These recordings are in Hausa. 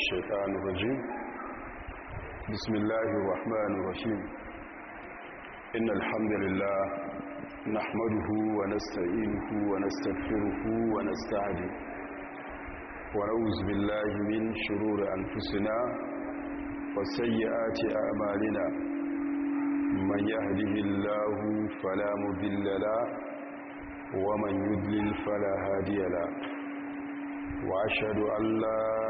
الشيطان الرجيم بسم الله الرحمن الرحيم إن الحمد لله نحمده ونستعينه ونستغفره ونستعدي ونعوذ بالله من شرور أنفسنا وسيئات أعمالنا من يهده الله فلا مذل له ومن يدلل فلا هادي له وأشهد أن لا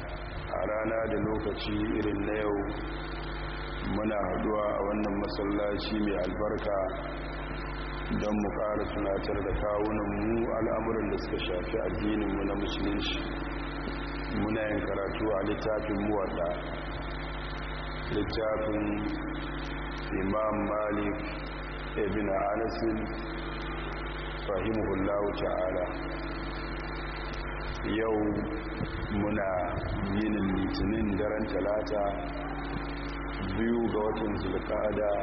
a rana da lokaci irin na yau muna haduwa a wannan masallaci mai albarka don mu ƙara tunatar da kawunanmu al'amuran da suka shafi addininmu na musulunci muna yin karatu a littafin muwadda littafin imam malik ibn fahimu rahimahullahu ta'ala yau muna yin litinin daren talata biyu ga watan zulkada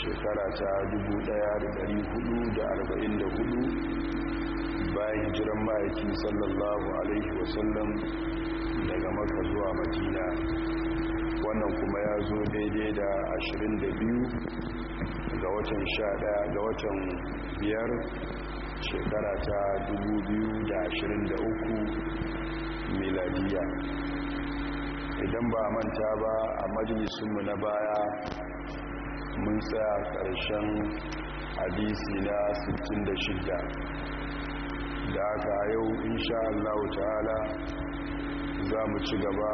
shekara ta 1444 bayan jiran ma'aiki sallallahu alaihi wasallam daga maka zuwa madina wannan kuma ya zo daidai da 22 ga watan 11 ga watan biyar. shekara ta 2023 miladiya idan ba manta ba a majalisunmu na baya mun sa ƙarshen hadisi na 66 da aka yau insha Allah ta'ala za mu ci gaba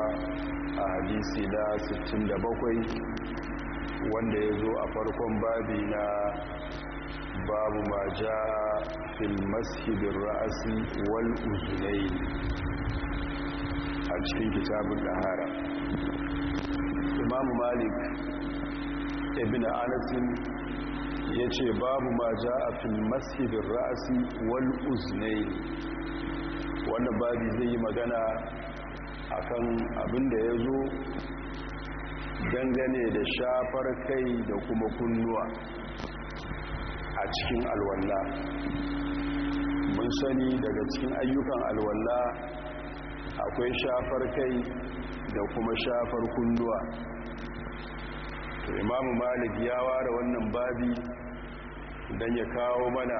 a hadisi na 67 wanda ya zo a farkon babi na babu ma ja في المسجد ra'asi والأذنين uzunai a cikin kitabun dahara imamu malik ibn anasin ya ce babu ma ja a fil masjidin ra'asi wal babi zai yi magana akan abin da ya zo dangane da shafar kai da kuma kunnuwa a cikin alwalla mun sani daga cikin ayyukan alwalla akwai shafar kai da kuma shafar kunduwa imamu malik ya ware wannan babi don ya kawo mana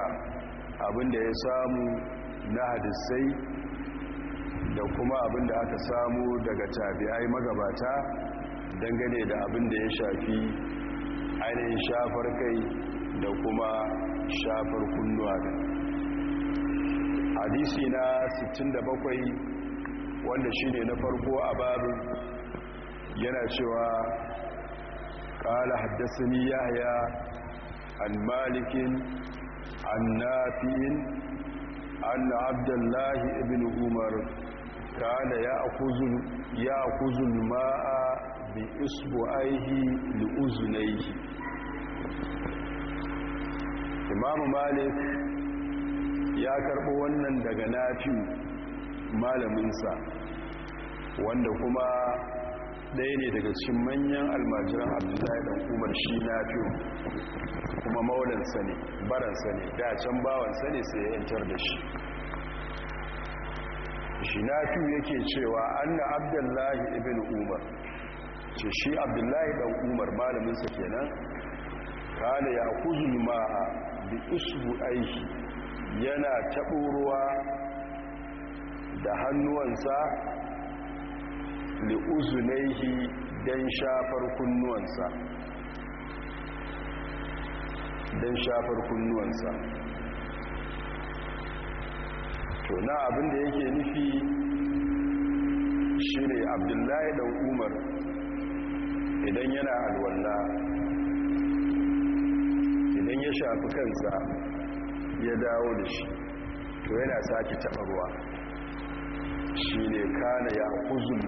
abinda ya samu na hadisai da kuma abinda aka samu daga tabi'ai magabata dangane da abin da ya shafi ainihin shafar kai da kuma shafar kunnuwa da hadisi na 67 wanda shi ne na farko a babu yana cewa ƙala haddasa ni yahya an malikin an nafi'in أن ya الله ya عمر ma'a bi isbu aihi بإصبعيه لأذنيه imam malik ya karɓo wannan daga nafi malaminsa wanda kuma ɗaya ne daga cikin manyan almajiran abdullahi ɗan umar shi nafi kuma maulansa ne baransa ne da can bawansa ne sai ya yantar da shi shi nafi yake cewa anna abdullahi ibn umar ce shi abdullahi ɗan umar malaminsa kenan kana ya kuzu ma'a da isu aiki yana taɓo da hannuwansa da uzunaihi don shafar kunnuwansa don shafar kunnuwansa to na abinda yake nufi shi ne abdullahi dan umar idan yana alwallah ya shafi kansa ya dawo da shi to yana sake taɓa ruwa shi ne kana ya huzun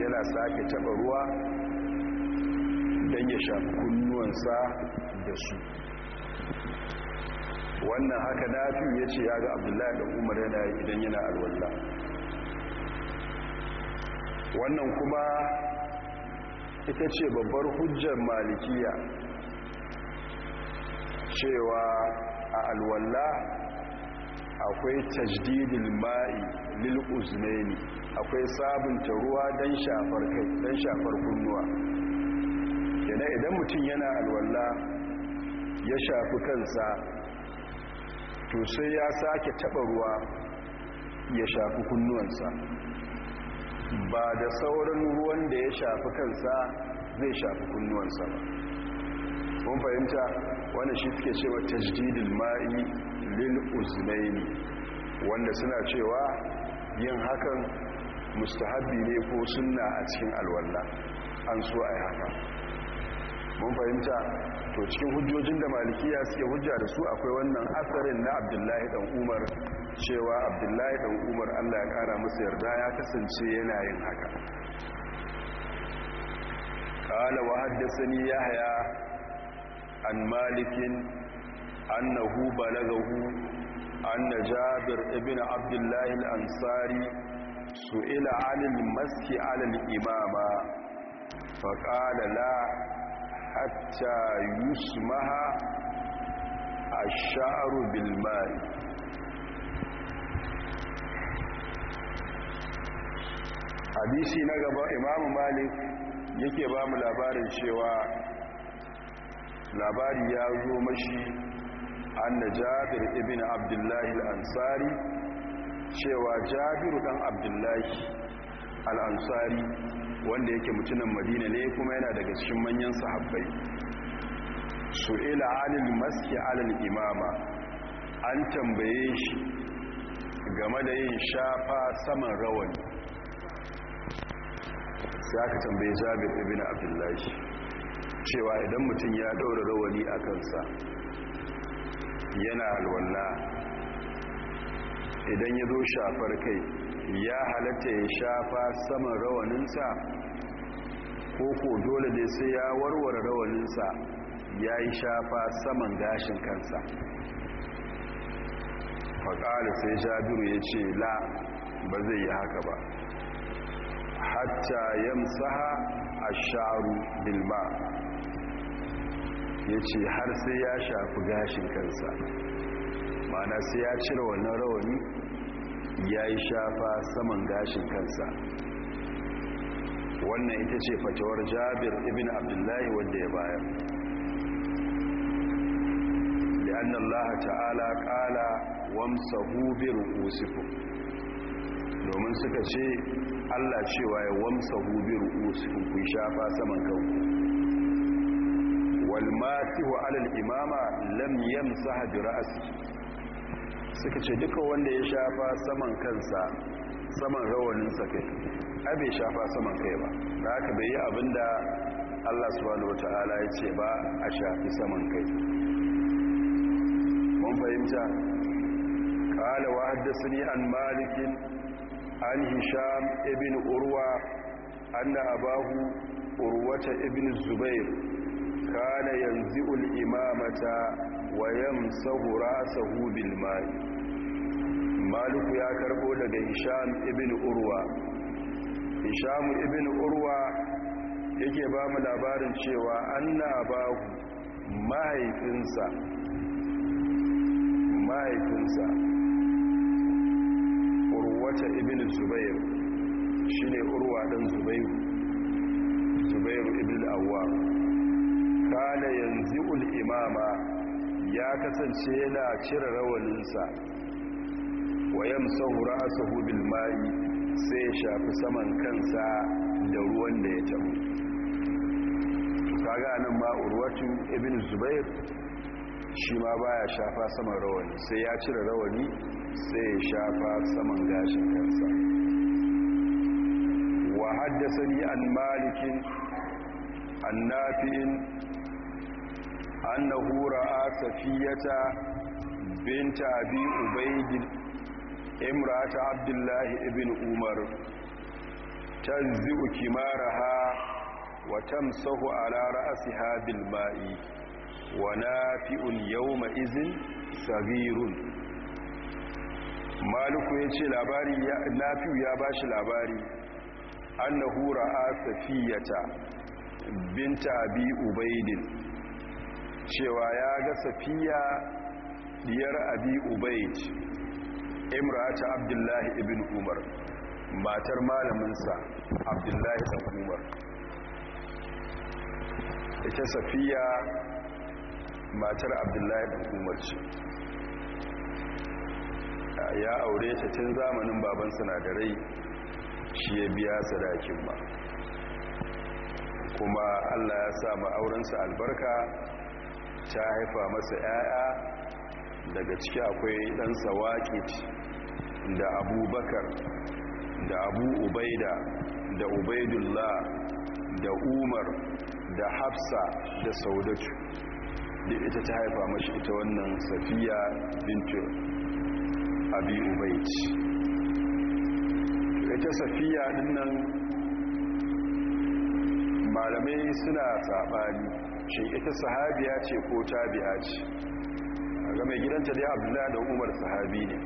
yana sake taɓa ruwa don ya shafi kunnuwansa da su wannan haka nafi ya ce ya ga abdullahi da umar yana idan yana alwalla. wannan kuma ita ce babbar hujjar malikiya cewa a alwalla akwai tajdidil ma'i lil uznaini akwai sabunta ruwa dan shafar kai dan shafar kunnuwa yana idan mutum yana alwalla ya shafi kansa to sai ya sake taba ruwa ya shafi kunnuwansa ba da sauran ruwan da ya shafi kansa zai shafi kunnuwansa ba mun fahimta wannan shi suke cewa tajdidul ma'i lil uznaini wanda suna cewa yin hakan mustahabbi ne ko sunna a cikin alwala an so a haka mun fahimta to cikin hujjojin da malikiya suke hujja da su akwai wannan asarin na abdullahi dan umar cewa abdullahi dan umar allah ya kara masa yarda ya kasance yana yin haka قال وحدثني يحيى an malikin annahu balagahu anna jabir ibn abdullahi al-ansari su'ila 'anil maski 'alal imama faqala la hatta yusmaha ash-sha'ru na gaba imamu malik yake ba mu labarin cewa labari ya zo mashi anna jabir ibn abdullahi al cewa jabiru ɗan abdullahi al-ansari wanda yake mutumin madina ne kuma yana daga cikin manyan sahabbai ila alil maski alal imama an tambaye shi game da yin shafa saman rawani sai aka tambaye jabir ibn abdullahi cewa idan mutum ya ɗaura rawani a kansa yana alwalla idan ya zo shafar kai ya halatta ya shafa saman rawaninsa ko ko dole ne sai ya warware rawaninsa ya yi shafa saman gashin kansa faƙari sai jabiru ya ce la ba zai yi haka ba hatta yamsaha a sharu bilma ya ce har sai ya shafi gashin kansa mana sai ya cire wannan rawani ya yi shafa saman gashin kansa wannan ita ce fatawar jabir ibn abdullahi wanda ya bayar لأن ta'ala kala قال وامسهو برؤوسكم domin suka ce Allah cewa ya wamsa hubi ru'usikum ku shafa saman kanku walmasihu alal imama lam yamsaha bi ra'si suka ce duka wanda ya shafa saman kansa saman rawanin sa kai ai bai shafa saman kai ba da haka bai yi abinda Allah subhanahu wataala ya ce ba a shafi saman kai mun fahimta qala wa haddathani an malik an hisham ibn urwa anna abahu urwata ibn zubair kana yanzu imamata wa sahura rasahu bil ma'i maliku ya karbo daga hisham ibn urwa hisham ibn urwa yake ba mu labarin cewa anna ba mahaifinsa mahaifinsa urwata ibn zubair shine urwa ɗan zubairu zubairu ibn awwam kana yanzu imama ya kasance yana cire rawaninsa wa a su bil ma'i sai ya shafi saman kansa da ruwan da ya tabo kaga nan ma urwatu ibn zubair shi ma baya shafa saman rawani sai ya cire rawani sai ya shafa saman gashin kansa wa ni an malikin an nafi'in annahu ra'a safiyata binta abi Ubaidin, imrata abdullahi ibn umar tanzi'u kimaraha wa tamsahu ala ra'siha bil ma'i wa nafi'un yawma izin saghirun maliku yace labari nafi'u ya bashi labari annahu ra'a safiyata binta abi Ubaidin. cewa ya ga safiya diyar abi ubaid imrata abdullahi ibn umar matar malaminsa abdullahi ibn umar ita safiya matar abdullahi ibn umar ce ya aure ta tun zamanin baban sinadarai shi ya biya sadakin ba kuma allah ya sa ma'aurinsa albarka ta haifa masa 'ya'ya daga ciki akwai ɗansa waƙit da abubakar da abu ubaida da ubaidullah da umar da hafsa da saudatu da ita ta haifa mashi ita wannan safiya bintu abi ubaid ita safiya dinnan malamai suna saɓani shi ita sahabiya ce ko tabi'a ce ga mai gidanta dai abdullahi da umar sahabi ne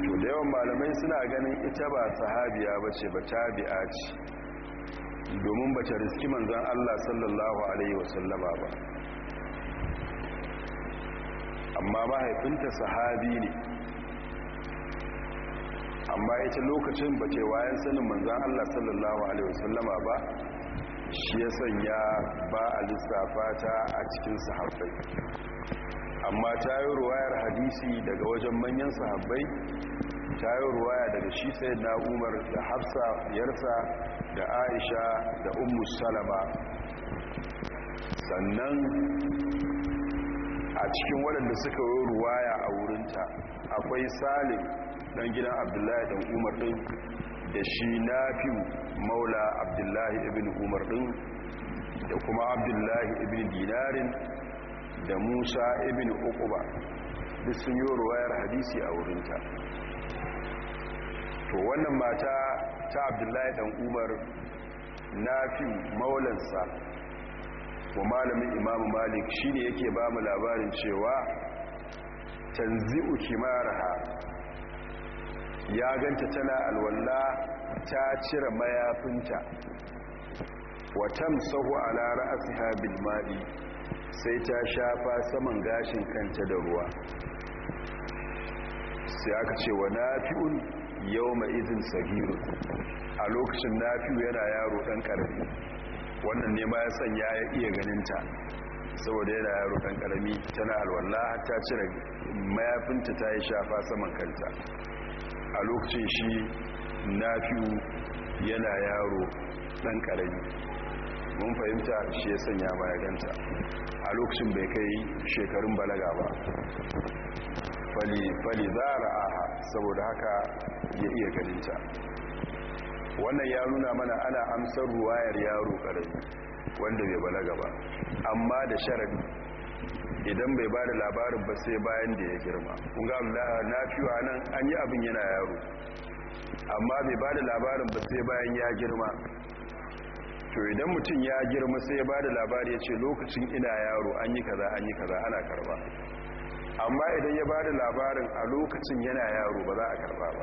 to da yawan malamai suna ganin ita ba sahabiya ba ce ba tabi'a ce domin ba ta riski manzan allah sallallahu alaihi wasallama ba amma mahaifinta sahabi ne amma ita lokacin ba ce wayan sanin manzan allah sallallahu alaihi wasallama ba shi ya sanya ba a lissafa ta a cikin sahabbai amma ta yi ruwayar hadisi daga wajen manyan sahabbai ta yi ruwaya daga shi sai na umar da hafsa yarsa da aisha da ummu salama sannan a cikin waɗanda suka yi ruwaya a wurinta akwai salim ɗan gidan abdullahi ɗan umar ɗin da shi na fiye maula abdullahi ibn umar ɗin da kuma abdullahi ibn dinarin da musa ibn ukuba duk sun yi ruwayar hadisi a wurinta to wannan mata ta abdullahi ɗan umar na fi maulansa wa malamin imamu malik shine yake ba mu labarin cewa tanzi'u kimaraha ya ganta tana alwalla ta cire mayafinta tam sahu ala ra'siha bil ma'i sai ta shafa saman gashin kanta da ruwa sai aka ce wa nafi'un yawma idin sagiru a lokacin nafi'u yana yaro dan karami wannan ne ma ya sanya ya iya ganinta saboda yana yaro dan karami tana alwalla ta cire mayafinta ta yi shafa saman kanta a lokacin shi nafi'u yana yaro ɗan ƙarami mun fahimta shi ya sanya ma ganta a lokacin bai kai shekarun balaga ba fali zara aha saboda haka ya iya ganinta wannan ya nuna mana ana amsar ruwayar yaro ƙarami wanda bai balaga ba amma da sharadi idan bai ba da labarin ba sai bayan da ya girma kun ga na fiwa nan an yi abin yana yaro amma bai ba da labarin ba sai bayan ya girma to idan mutum ya girma sai ya ba da labari ya ce lokacin ina yaro an yi kaza an yi kaza ana karba amma idan ya ba da labarin a lokacin yana yaro ba za a karba ba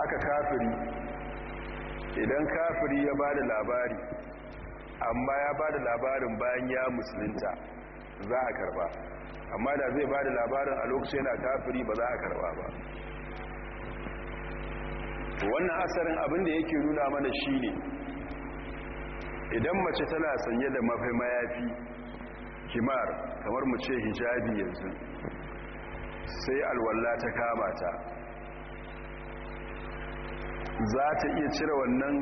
haka kafiri idan kafiri ya ba da labari amma ya ba da labarin bayan ya musulunta za a karba amma da zai ba da labarin a lokacin yana kafiri ba za a karba ba wannan asarin abin da yake nuna mana shi ne idan mace tana sanye da mafi mayafi kimar kamar mu ce hijabi yanzu sai alwallah ta kama ta za ta iya cire wannan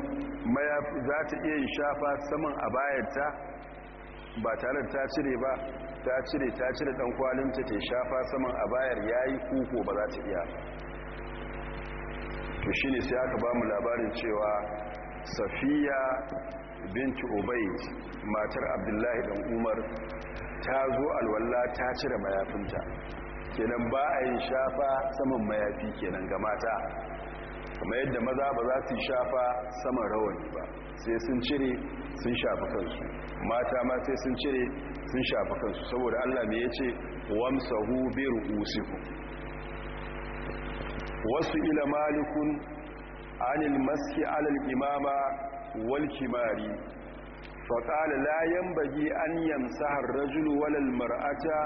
mayafi za ta iya shafa saman abayarta ba tare ta cire ba ta cire ta cire dan kwalinta ta shafa saman abayar yayi kuko ba za ta iya to shine sai aka ba mu labarin cewa safiya binti ubayd matar abdullahi dan umar ta zo alwala ta cire mayafinta kenan ba a yi shafa saman mayafi kenan ga mata kamar yadda maza ba za su shafa saman rawani ba sai sun cire sun shafa kansu mata ma sai sun cire sun shafa kansu saboda Allah me yace wamsahu bi usiku wasu ila malikun anil maski alal imama wal kimari faƙala layan bagi an yamsaha ar-rajulu mar'ata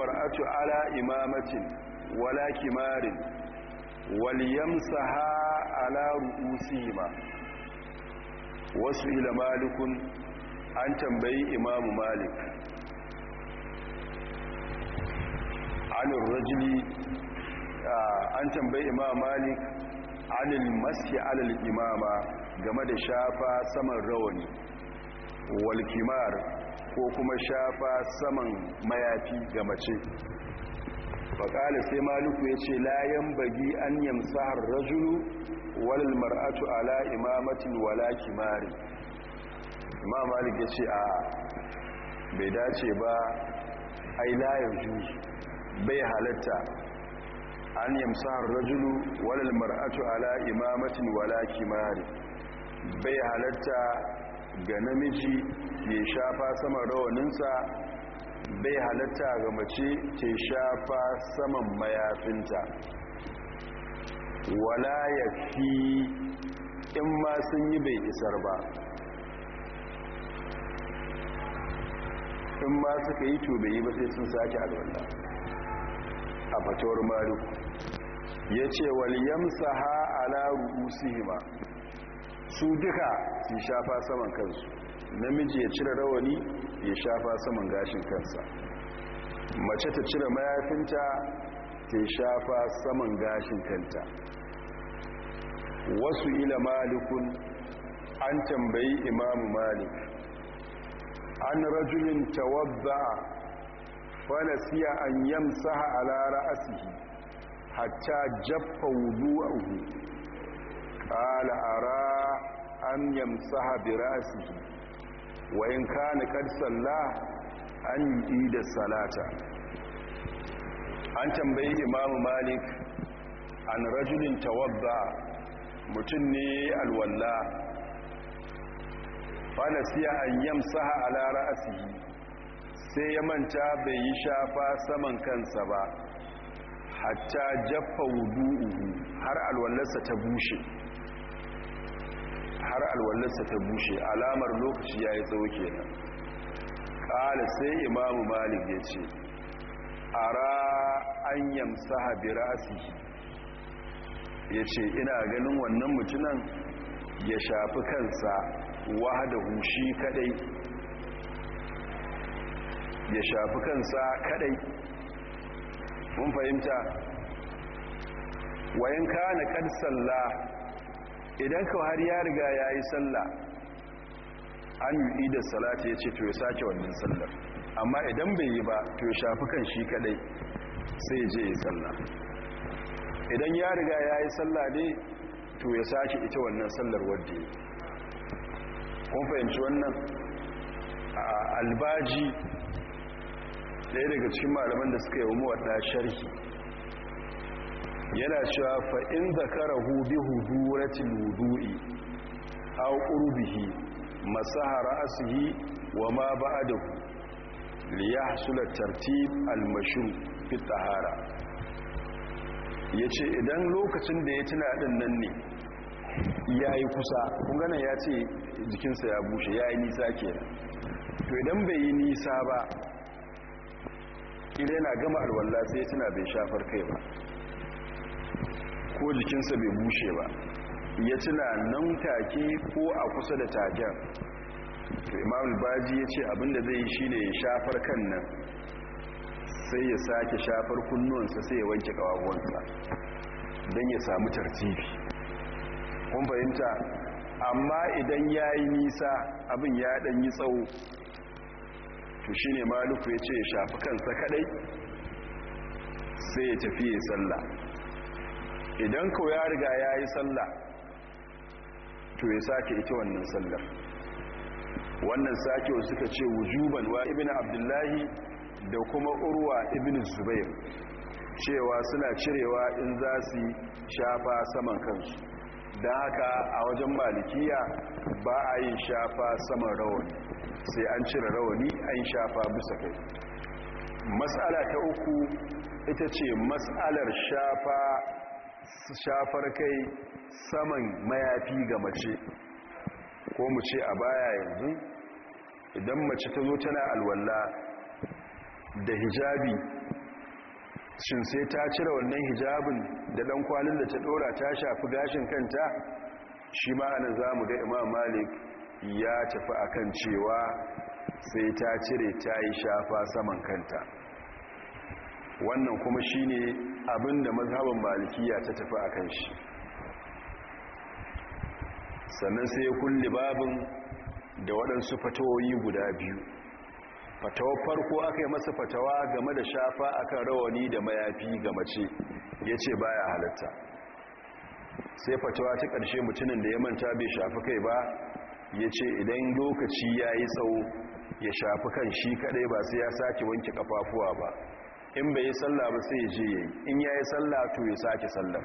mar'atu ala imamacin wala kimarin waliyamsaha ala ru'usihima wasu ila malikun an tambayi imamu malik rajuli an tambayi imamu malik anil maski alal imama game da shafa saman rawani walkimar ko kuma shafa saman mayafi ga mace faƙali sai maliku ya ce layan bagi an yamsahar rajulu walil mar'atu ala imamatin wala kimari ma malik ya ce a bai dace ba ai layan juzu bai halatta an yamsahar rajulu walil mar'atu ala imamatin wala kimari bai halatta ga namiji ya shafa saman rawaninsa bai halatta ga mace ke shafa saman mayafinta wala ya fi in ma sun yi bai isar ba in ma suka yi to bai yi ba sai sun sake alwanda a fatawar maluku ya ce waliyamsa ha ala ru'usihima su duka su shafa saman kansu namiji ya cire rawani ya shafa saman gashin kansa mace ta cire mayafinta ta shafa saman gashin kanta wasu ila malikun an tambayi imamu malik an rajulin tawadda falasiya an yamsaha ala ra'asihi hatta jaffa uku, qala ara an yamsaha bi ra'sihi wa in kana qad salla an yi da salata an tambayi imamu malik an rajulin tawabba, mutum ne alwalla siya an a lara asiri, sai ya manta bai yi shafa saman kansa ba hatta jaffa wudu'uhu har alwallarsa ta bushe har alwallarsa ta bushe alamar lokaci ya yi tsawo nan ƙala sai imamu malik ya ce a an yamsa habira ya ce ina ganin wannan mutunan ya shafi kansa wahada hushi kadai ya shafi kansa kadai mun fahimta wayan kana kan sallah idan ka har ya riga ya yi sallah an yi da salata ya ce to ya sake wannan sallar amma idan bai yi ba to ya shafi kan shi kadai sai je ya sallah idan ya riga ya yi sallah ne to ya sake ita wannan sallar wadda ya kun fahimci wannan A albaji daya daga cikin malaman da suka yi wa muwadda sharhi yana cewa fa in zakarahu bi huduratil wudu'i aw qurbihi masaha ra'sihi wa ma ba'dahu yahsul tartib al-mashru' fi tahara yace idan lokacin da ya tuna din nan ne yayi kusa kun gane ya ce jikinsa ya bushe yayi nisa kenan to idan bai yi nisa ba ila yana gama alwala sai tuna bai shafar kai ba ko jikinsa bai bushe ba ya tuna nan take ko a kusa da taken imam baji ya ce abinda zai yi shi ne ya shafar kan nan sai ya sake shafar kunnuwansa sai ya wanke kawawansa don ya samu tartibi kun fahimta amma idan ya yi nisa abin ya yi tsawo to shi ne maluku ya ce ya shafi kansa kadai sai ya tafi ya sallah idan kawai ya riga ya yi sallah to ya sake ita wannan sallar wannan sake wasu suka ce wujuban wa ibn abdullahi da kuma urwa ibn zubair cewa suna cirewa in za su shafa saman kansu da haka a wajen malikiya ba a yin shafa saman rawani sai an cire rawani an shafa bisa kai Mas'ala ta uku ita ce mas'alar shafa shafar kai saman mayafi ga mace ko mu ce a baya yanzu idan mace ta zo tana alwalla da hijabi shin sai ta cire wannan hijabin da dan kwalin da ta dora ta shafi gashin kanta shi ma'anar za mu ga imam malik ya tafi akan cewa sai ta cire ta yi shafa saman kanta wannan kuma shi shine abinda mazhabin malikiya ta tafi a kan shi sannan sai ya kulle babin da waɗansu fatawoyi guda biyu fatawar farko aka yi masa fatawa game da shafa akan rawani da mayafi ga mace ya ce baya halatta sai fatawa ta ƙarshe mutumin da ya manta bai shafi kai ba ya ce idan lokaci ya yi tsawo ya shafi kan shi kaɗai ba sai ya sake wanke ƙafafuwa ba in bai yi sallah ba sai ya je ya yi in ya yi sallah to ya sake sallah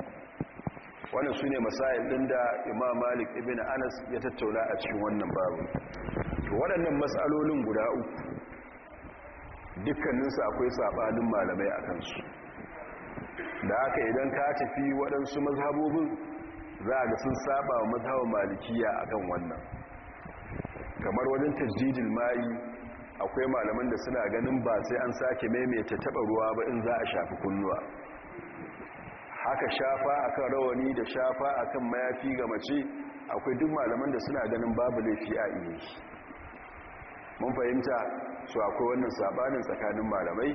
wannan su ne masayin ɗin da imam malik ibn anas ya tattauna a cikin wannan babu to waɗannan matsalolin guda uku dukkaninsu akwai saɓanin malamai a kansu da aka idan ka tafi waɗansu mazhabobin za a ga sun saɓa wa mazhabar malikiya akan wannan kamar wajen tajjijin ma'i akwai malaman da suna ganin ba sai an sake maimaita taba ruwa ba in za a shafi kunnuwa haka shafa akan rawani da shafa akan mayafi ga mace akwai duk malaman da suna ganin babu laifi a iya mun fahimta su akwai wannan sabanin tsakanin malamai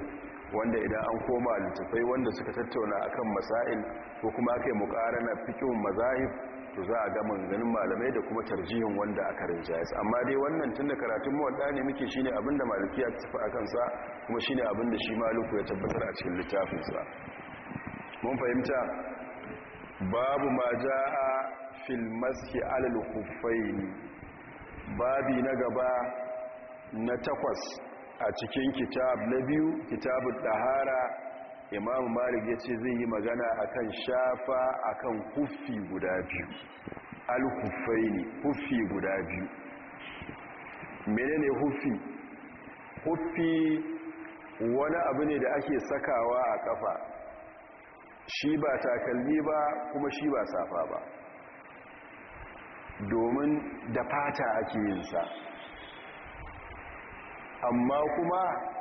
wanda idan an koma littattafai wanda suka tattauna akan masail ko kuma aka yi na fikin mazahib to za a ga manganin malamai da kuma tarjihin wanda aka rinjayas amma dai wannan tun da karatun muwadda ne muke ne abinda maliki ya tafi a kansa kuma shi ne abinda shi maluku ya tabbatar a cikin littafinsa. mun fahimta babu ma ja a filmaski alal ne babi na gaba na takwas a cikin kitab na biyu kitabun dahara imam malik ya ce zai yi magana akan shafa akan huffi guda biyu alhufai ne huffi guda biyu menene huffi huffi wani abu ne da ake sakawa a kafa shi ba takalmi ba kuma shi ba safa ba domin da fata ake yinsa amma kuma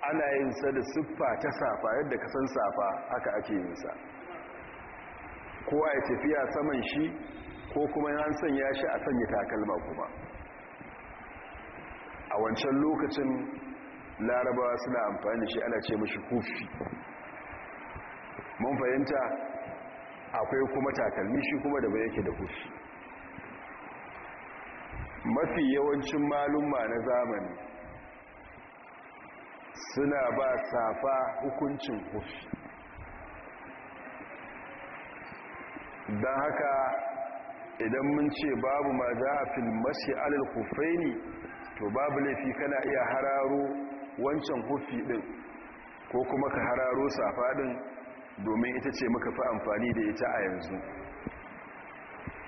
ana yin sa da siffa ta safa yadda ka san safa haka ake yin sa ko a tafiya saman shi ko kuma an sanya shi a sanya takalma kuma a wancan lokacin larabawa suna amfani shi ana ce mashi kufi mun fahimta akwai kuma takalmi shi kuma da bai yake da kufi mafi yawancin malumma na zamani suna ba safa hukuncin kufi don haka idan mun ce babu ma za a filmasi alal kufai ne to babu laifi kana iya hararo wancan kufi din ko kuma ka hararo safa din domin ita ce muka fi amfani da ita a yanzu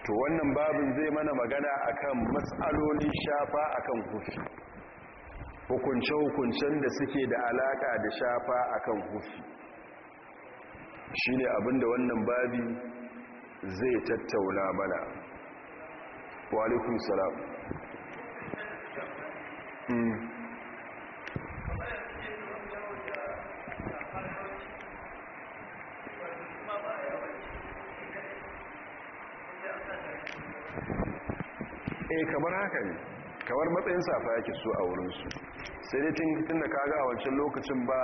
to wannan babin zai mana magana akan matsalolin shafa akan kufi hukunce-hukuncen da suke da alaka da shafa akan hufi shi ne abinda wannan babi zai tattauna mana walikun salam e kamar haka ne kamar matsayin safa yake so a wurinsu sai dai tun da kaga a wancan lokacin ba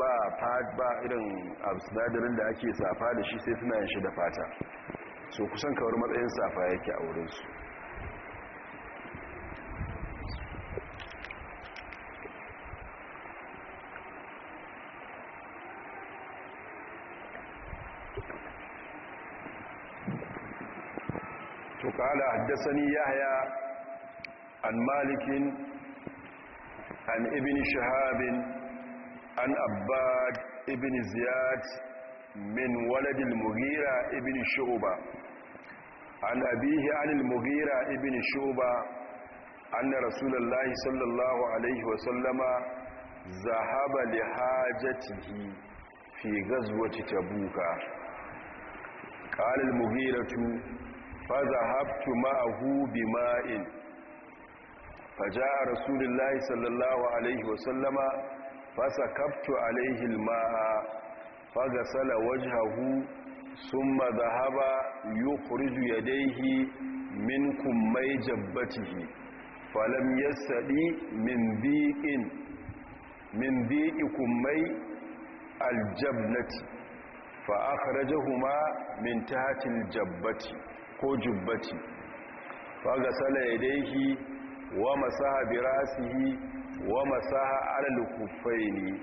ba fat ba irin sinadarin da ake safa da shi sai suna yin shi da fata so kusan kawar matsayin safa yake a wurinsu ni ya haya an malikin an ibn shahabin an abbad ibn ziyad min waladil mughira ibn shuba an abihi anil mughira ibn shuba an rasulullahi sallallahu alaihi wasallama zahaba li hajatihi fi buka. tabuka qala al mughiratu fa zahabtu ma'ahu bima'in faja rasulullahi sallallahu alaihi wasallama fasa kaftu alaihi ma'a fagasala wajhahu summa zahaba yukhriju yadayhi min kummai jabbatihi falam yasadi min biqin min biqi kummai aljabnati fa akhrajahuma min tahti aljabbati ko jubbati fagasala yadayhi wa masaha bi ra'sihi wa masaha 'ala al-kuffaini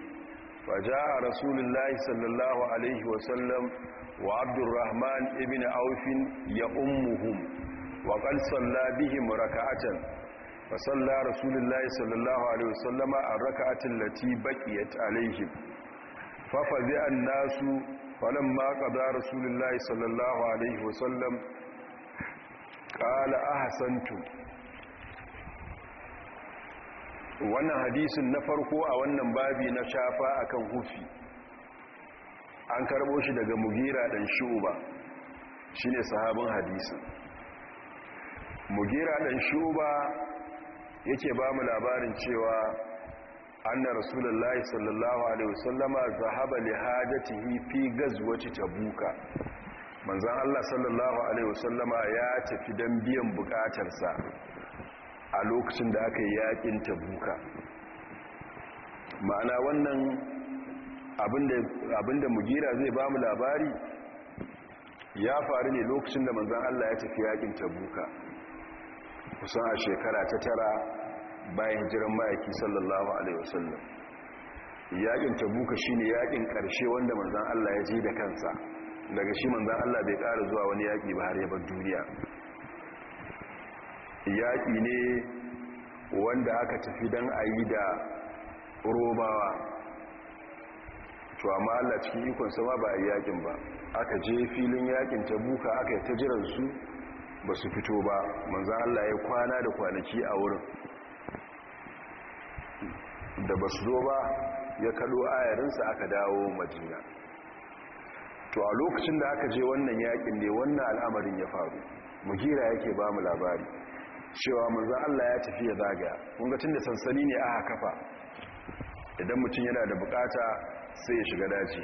faja'a rasulullahi sallallahu alaihi wa sallam wa abdurrahman ibn auf ya ummuhum wa qad salla bihim rak'atan fa salla rasulullahi sallallahu alaihi wa sallama ar-rak'atin lati baqiyat alaihim fa fazi'a an-nasu falamma qada rasulullahi sallallahu alaihi wa sallam qala ahsantum wannan hadisin na farko a wannan babi na shafa akan hufi an karbo shi daga mugira dan shuba shine sahabin hadisin mugira dan shuba yake ba mu labarin cewa anna rasulullahi sallallahu alaihi wasallama zahaba li hajatihi fi gazwati tabuka manzon Allah sallallahu alaihi wasallama ya tafi dan biyan buƙatarsa. a lokacin da aka yi yakin tabuka ma'ana wannan abinda mugira zai ba mu labari ya faru ne lokacin da manzan Allah ya tafi yakin tabuka kusan a shekara ta tara bayan jiran ma'aiki sallallahu alaihi wasallam yakin tabuka shine yakin karshe wanda manzan Allah ya ji da kansa daga shi manzan Allah bai ƙara zuwa wani yaki ba har ya bar duniya yaƙi ne wanda aka tafi don a yi da romawa to amma allah cikin ikon sama ba a yi yakin ba aka je filin yaƙin ta buka aka yi ta jiransu ba su fito ba manzan allah ya kwana da kwanaki a wurin da ba su zo ba ya kado ayarinsa aka dawo majina. to a lokacin da aka je wannan yakin ne wannan al'amarin ya faru mugira yake ba mu labari cewa manzan Allah ya tafi ya zagaya kunga tun da sansani ne aka kafa idan mutum yana da bukata sai ya shiga daji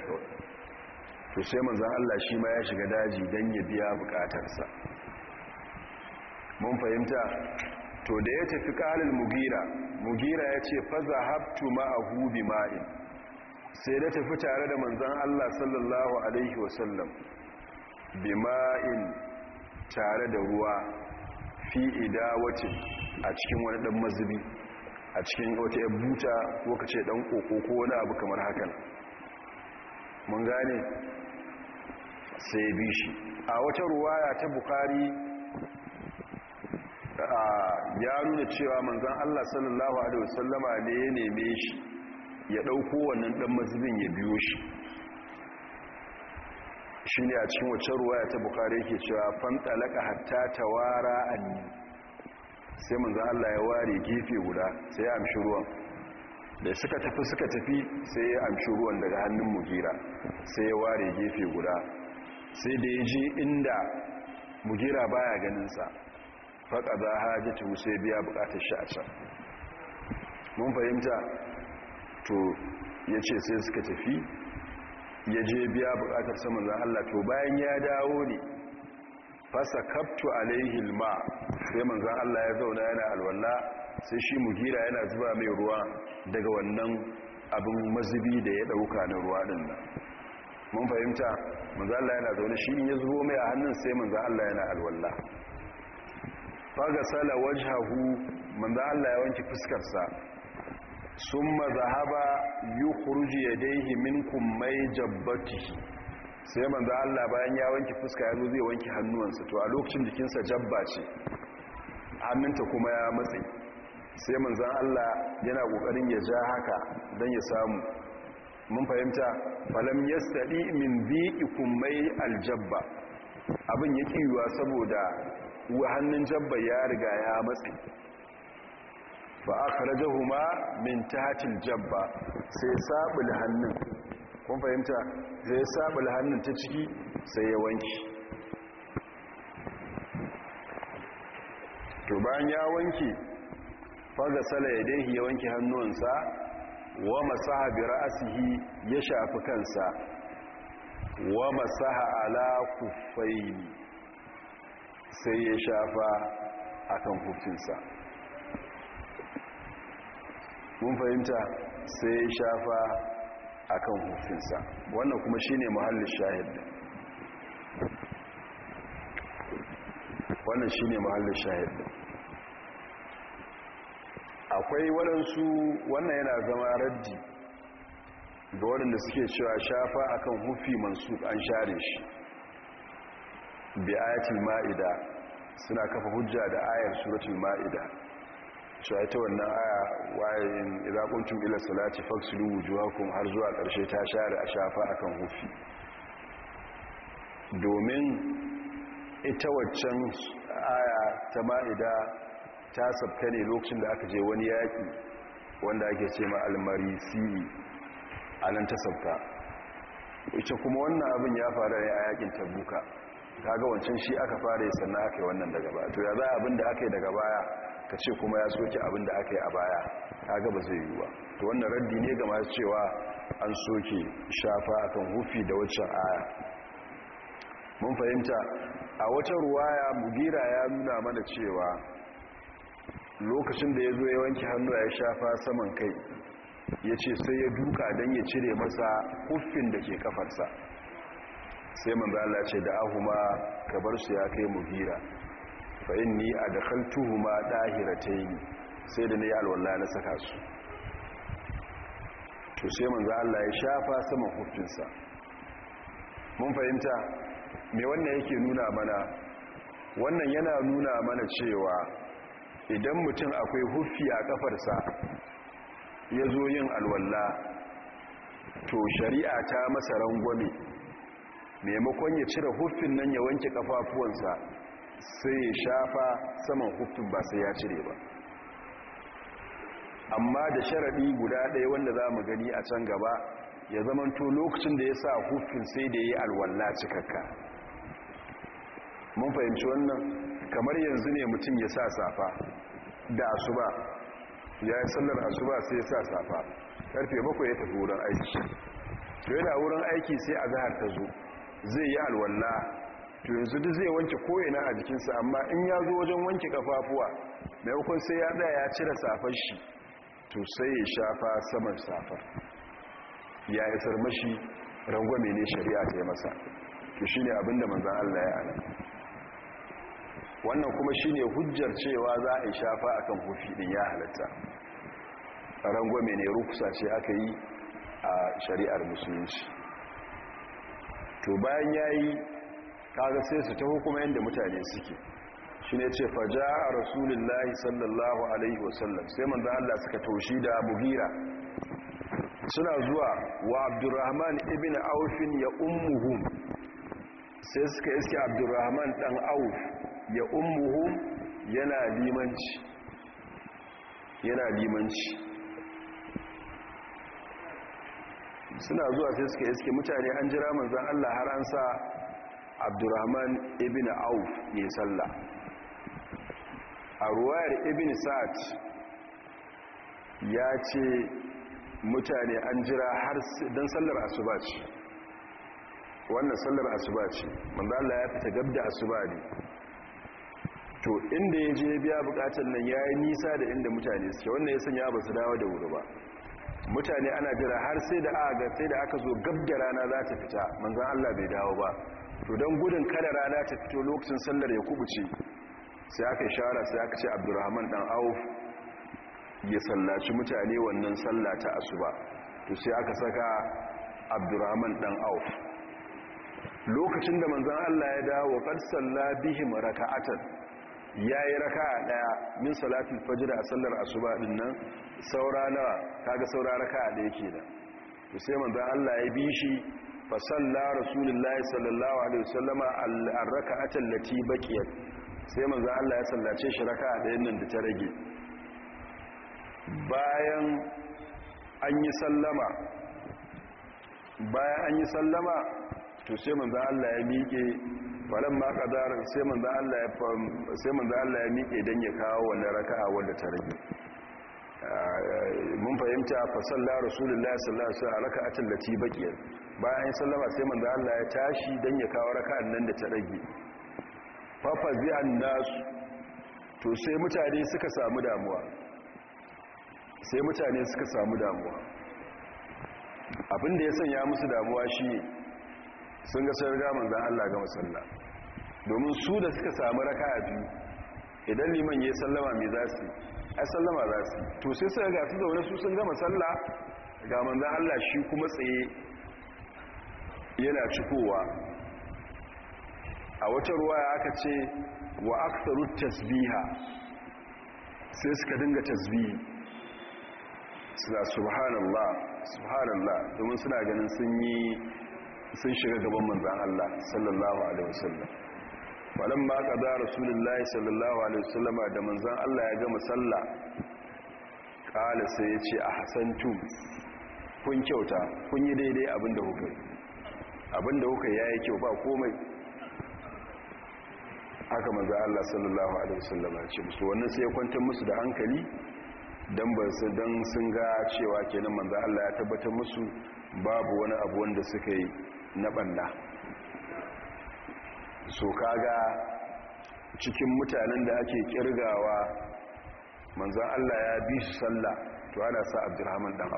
to sai manzan Allah shi ma ya shiga daji don ya biya bukatarsa mun fahimta to da ya tafi kalin mugira mugira ya ce faza haftu ma'ahu bi ma'in sai da tafi tare da manzan Allah sallallahu alaihi wasallam bi ma'in tare da ruwa fi idawacin a cikin wani dan mazubi a cikin wata ya buta waka ce dan koko ko wani abu kamar hakan mun gane sai bi shi a wata ruwaya ta bukari ya nuna cewa manzan allah sallallahu alaihi wasallama ne ya neme shi ya ɗauko wannan ɗan mazubin ya biyo shi shi ne a cikin wacce ruwaya ta bukari yake cewa fantalaka hatta tawara anni sai manzan Allah ya ware gefe guda sai ya amshi ruwan da suka tafi suka tafi sai ya amshi ruwan daga hannun mugira sai ya ware gefe guda sai da ya ji inda mugira baya ganinsa faƙa za hajjata sai biya buƙatar shi a can mun fahimta to ya ce sai suka tafi ya je biya bukatar saman zan Allah to bayan ya dawo ne fasa kaftu alaihi ma sai manzan Allah ya zauna yana alwalla, sai shi mugira yana zuba mai ruwa daga wannan abin mazubi da ya dauka na ruwa din nan mun fahimta manzan Allah yana zaune shi ya zubo mai a hannun sai manzan Allah yana alwala faga sala wajhahu manzan Allah ya wanke fuskarsa sun mazahaba yi kurji ya daihi min kummai jabbati sai manzan Allah bayan ya wanke fuska ya zo zai wanke hannuwansa to a lokacin jikinsa jabba ce hannunta kuma ya matse sai manzan Allah yana ƙoƙarin ya ja haka don ya samu mun fahimta falam stadi min dhiqi kummai aljabba abin ya yiwa saboda hannun jabba ya riga ya matse fa akhrajahuma min tahtil jabba sai sabul hannun kun fahimta sai sabul hannun ta ciki sai ya wanki to bayan ya wanki faga sala yadayhi ya wanki hannuwansa wa masaha bi ra'asihi ya shafi kansa wa masaha ala kuffaini sai ya shafa akan hukuncinsa mun fahimta sai ya shafa a kan hufinsa wannan kuma shi ne muhallin shahid wannan shi ne muhallin shahid akwai waɗansu wannan yana zama raddi ga waɗanda suke cewa shafa a kan hufi mansu an share shi bi ayatul ma'ida suna kafa hujja da ayar suratul ma'ida yi ta wannan aya wayan idza ila salati faghsilu wujuhakum har zuwa karshe ta share a shafa akan hufi domin ita waccan aya ta ma'ida ta sabta ne lokacin da aka je wani yaki wanda ake ce ma a nan ta sabta ita kuma wannan abin ya fara ne a yakin tabuka kaga wancan shi aka fara sannan aka yi wannan daga baya to ya za abin da aka yi daga baya ka ce kuma ya soke abin da aka yi a baya ta gaba zai yi ba to wannan raddi ne ga masu cewa an soke shafa akan hufi da waccan aya mun fahimta a wata ruwaya mugira ya nuna mana cewa lokacin da ya zo ya wanke hannu ya shafa saman kai ya ce sai ya duka don ya cire masa hufin da ke kafarsa sai manzo ce da ahu ahuma kabar su ya kai mugira fa ma ɗahiratai ne sai da nayi alwala na saka su to sai manzo Allah ya shafa saman hukuncinsa mun fahimta me wannan yake nuna mana wannan yana nuna mana cewa idan mutum akwai huffi a kafarsa ya zo yin alwala to shari'a ta masa rangwame maimakon ya cire huffin nan ya wanke kafafuwansa sai ya shafa saman hukun ba sai ya cire ba amma da sharaɗi guda ɗaya wanda za mu gani a can gaba ya zamanto lokacin da ya sa hukun sai da ya yi alwallah cikakka mun fahimci wannan kamar yanzu ne mutum ya sa safa da asuba ya yi sallar asuba sai ya sa safa karfe bakwai ya tafi wurin aiki to yana wurin aiki sai a zahar ta zo zai yi alwallah to yanzu da zai wanke na a jikinsa amma in ya zo wajen wanke kafafuwa mai hukun sai ya daya ya cire safar shi to sai ya shafa saman safar ya yi sarmashi rangwame ne shari'a ta yi masa to shi ne abinda manzan Allah ya ana wannan kuma shi ne hujjar cewa za a yi shafa a kan hufi ɗin ya halatta rangwame ne rukusa ce aka yi a shari'ar musulunci to bayan ya yi kaga sai su taho kuma yadda mutane suke shi ne ce faja a lahi sallallahu alaihi wasallam sai manzo Allah suka taushi da bugira suna zuwa wa abdurrahman ibn aufin ya ummuhum sai suka iske abdurrahman dan auf ya ummuhum yana limanci yana limanci suna zuwa sai suka iske mutane an jira manzan Allah har an sa abdurrahman ibn auf ya salla a ruwayar ibn sa'ad ya ce mutane an jira har don sallar asuba ce wannan sallar asuba ce manzo Allah ya fita gabda asuba ne to inda ya je biya bukatun nan ya yi nisa da inda mutane suke wannan ya sanya ba su dawo da wuri ba mutane ana jira har sai da aka sai da aka zo gabda rana za ta fita manzo Allah bai dawo ba to don gudun kada rana ta fito lokacin sallar ya kubuce sai aka shara sai aka ce abdurrahman dan auf ya sallaci mutane wannan sallah ta asuba to sai aka saka abdurrahman ɗan auf lokacin da manzon Allah ya dawo qad salla bihim raka'atan yayi raka'a daya min salatul fajr a sallar asuba din nan saura nawa kaga saura raka'a da yake da to sai manzon Allah ya bi shi fasalla rasulullahi sallallahu alaihi wasallama ar-raka'ata allati baqiyat sai manzo Allah ya sallace shi raka'a da nan da ta rage bayan an yi sallama bayan an yi sallama to sai manzo Allah ya miƙe falan ma kadar sai manzo Allah ya sai manzo Allah ya miƙe dan ya kawo wannan raka'a wanda ta rage mun fahimta fasalla rasulullahi sallallahu alaihi wasallam raka'atul lati baqiyat bayan sallama sai manzo Allah ya tashi dan ya kawo raka'an nan da ta rage fafa zi'an nasu to sai mutane suka samu damuwa sai mutane suka samu damuwa abinda ya sanya musu damuwa shi sun ga sarga manzan Allah ga masalla domin su da suka samu raka'a biyu idan liman ya sallama mai za su ai sallama za su to sai suka ga su zaune su sun gama sallah ga manzan Allah shi kuma tsaye yana cikowa a wata ya aka ce wa aksarut tasbiha sai suka dinga su suna subhanallah subhanallah domin suna ganin sun yi sun shiga gaban manzan Allah sallallahu alaihi wasallam falamma qada rasulullahi sallallahu alaihi wasallam da manzan Allah ya gama sallah kala sai ya ce a hasantum kun kyauta kun yi daidai abinda kuka abinda kuka yayi kyau ba komai haka maza Allah sallallahu alaihi wasallam ce musu wannan sai ya kwantar musu da hankali don ba su sun ga cewa kenan maza Allah ya tabbatar musu babu wani abu wanda suka yi na banda so kaga cikin mutanen da ake kirgawa manzan Allah ya bi su sallah to ana sa Abdulrahman dan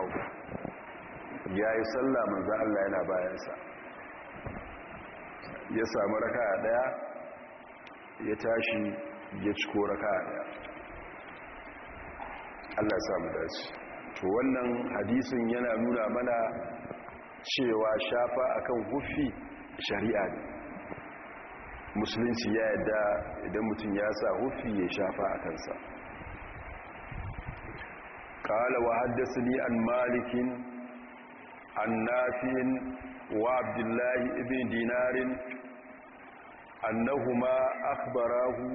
ya yi sallah manzan Allah yana bayansa ya samu raka a daya ya tashi ya ciko raka a daya allah samu dace to wannan hadisin yana nuna mana cewa shafa akan hufi shari'a ne musulunci ya yadda idan mutum ya sa hufi ya shafa a kansa ƙala wa haddasa ni an malikin an nafin wa abdullahi ibn dinarin annahuma akhbarahu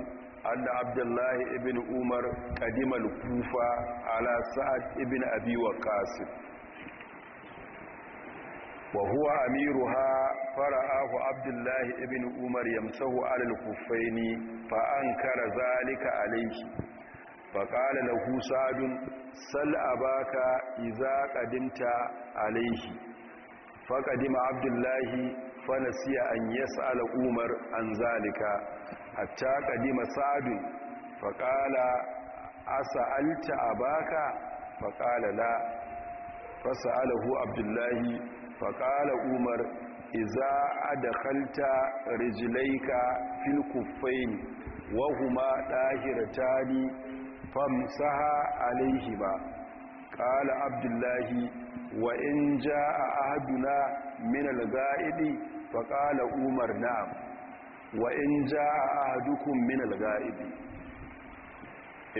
anna abdullahi ibn umar qadima al-kufa ala sa'ad ibn abi waqas wa huwa amiruha fara'ahu abdullahi ibn umar yamsahu ala al kufaini fa ankara zalika alayhi qala lahu سعد sal abaka إذا qadimta alayhi faƙadima abdullahi fanasiya an sa'ala umar an zalika hatta ƙadima sa'adu faƙala asa'alta abaka faƙala la fasa'alahu abdullahi faƙala umar iza adakhalta rijlaika fil kuffain wa huma famsaha alaihima ƙala abdullahi wa in a ahaduna min al fa umar na'am wa in a ahadukum min al-ga'idi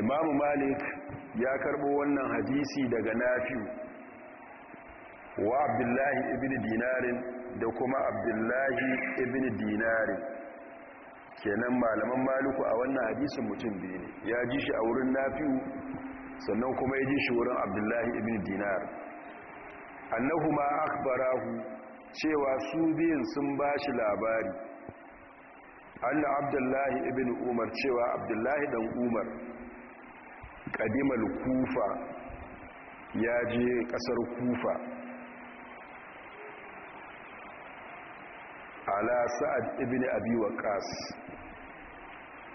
imam malik ya karbo wannan hadisi daga nafi'u wa abdullahi ibn dinarin da kuma abdullahi ibn dinarin kenan malaman maluku a wannan hadisin mutum biyu ne ya ji shi a wurin nafi'u sannan kuma ya ji shi wurin abdullahi ibn dinarin annahu ma akhbarahu cewa su biyun sun bashi labari anna abdullahi ibn umar cewa abdullahi dan umar kadimal kufa ya je kasar kufa ala sa'ad ibn abi waqas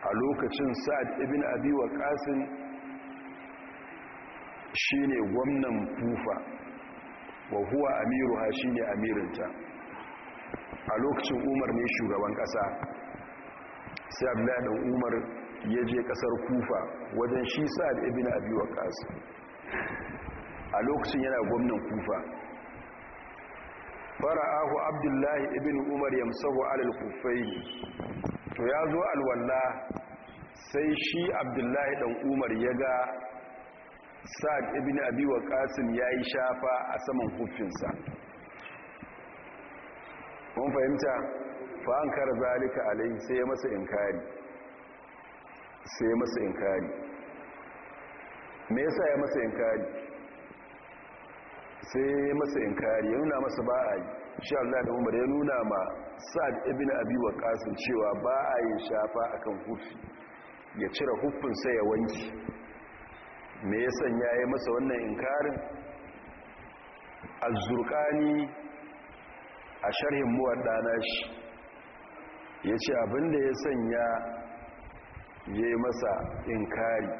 a lokacin sa'ad ibn abi waqasin shine gwamnan kufa wa huwa shi ne amirinta a lokacin umar ne shugaban kasa sai abdullahi umar ya je kasar kufa wajen shi sa'ad ibn abi Kasu. a lokacin yana gwamnan kufa fara'ahu abdullahi ibn umar yamsahu alal ne to ya zo alwalla sai shi abdullahi dan umar ya ga sa'ad ibn abi wa ya yi shafa a saman kufinsa kun fahimta fa’an kar zalika alai sai ya masa inkari sai ya masa inkari me yasa ya masa inkari sai ya masa inkari ya nuna masa ba a yi sha Allah da Umar ya nuna ma Sa'ad ibn Abi ƙasin cewa ba a yi shafa kan hufi ya cire hufin sai ya wanki me ya sanya ya masa wannan inkarin Azurkani, a sharhin muwaddana shi ya ce abinda ya sanya ya yi masa inkari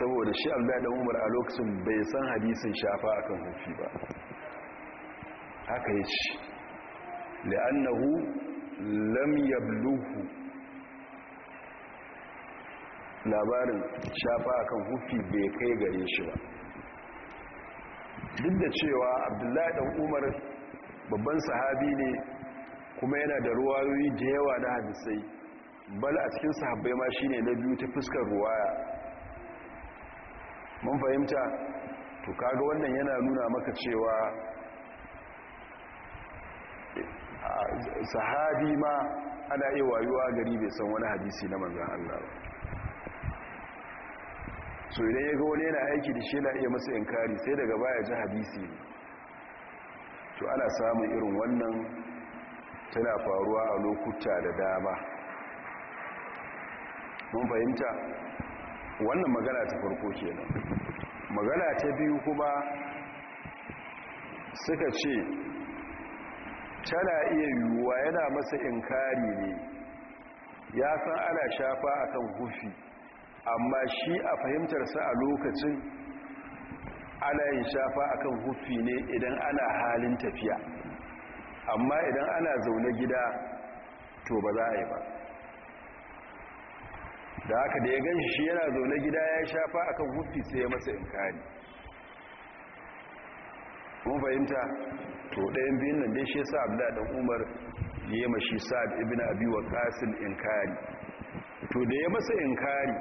saboda shi abdadan umar a lokacin bai san hadisin shafa akan hufi ba haka ya ce la'annahu lam yabluhu labarin shafa akan hufi bai kai gare shi ba duk da cewa abdullahi dan umar babban sahabi ne kuma yana da ruwayoyi da yawa na hadisai bala a cikin sahabbai ma shine na biyu ta fuskar ruwaya mun fahimta to kaga wannan yana nuna maka cewa eh, sahabi ma ana iya wayuwa gari bai san wani hadisi na manzan Allah ba so idan ya ga wani yana aiki da shi yana iya masa inkari sai daga baya ji hadisi ne to ana samun irin wannan tana faruwa a lokuta da dama mun fahimta wannan magana ta farko nan magana ta biyu kuma suka ce tana iya yiwuwa yana masa inkari ne ya san ana shafa akan hufi. amma shi a fahimtarsa a lokacin ana yin shafa akan hufi ne idan ana halin tafiya amma idan ana zaune gida to ba za a yi ba da haka da ya gan shi yana zaune gida ya shafa akan hufi sai ya masa kari kuma fahimta to ɗayan biyun nan dai shi ya sa ɗan umar ya yi mashi sa'ad ibn abi wa in inkari to da ya masa inkari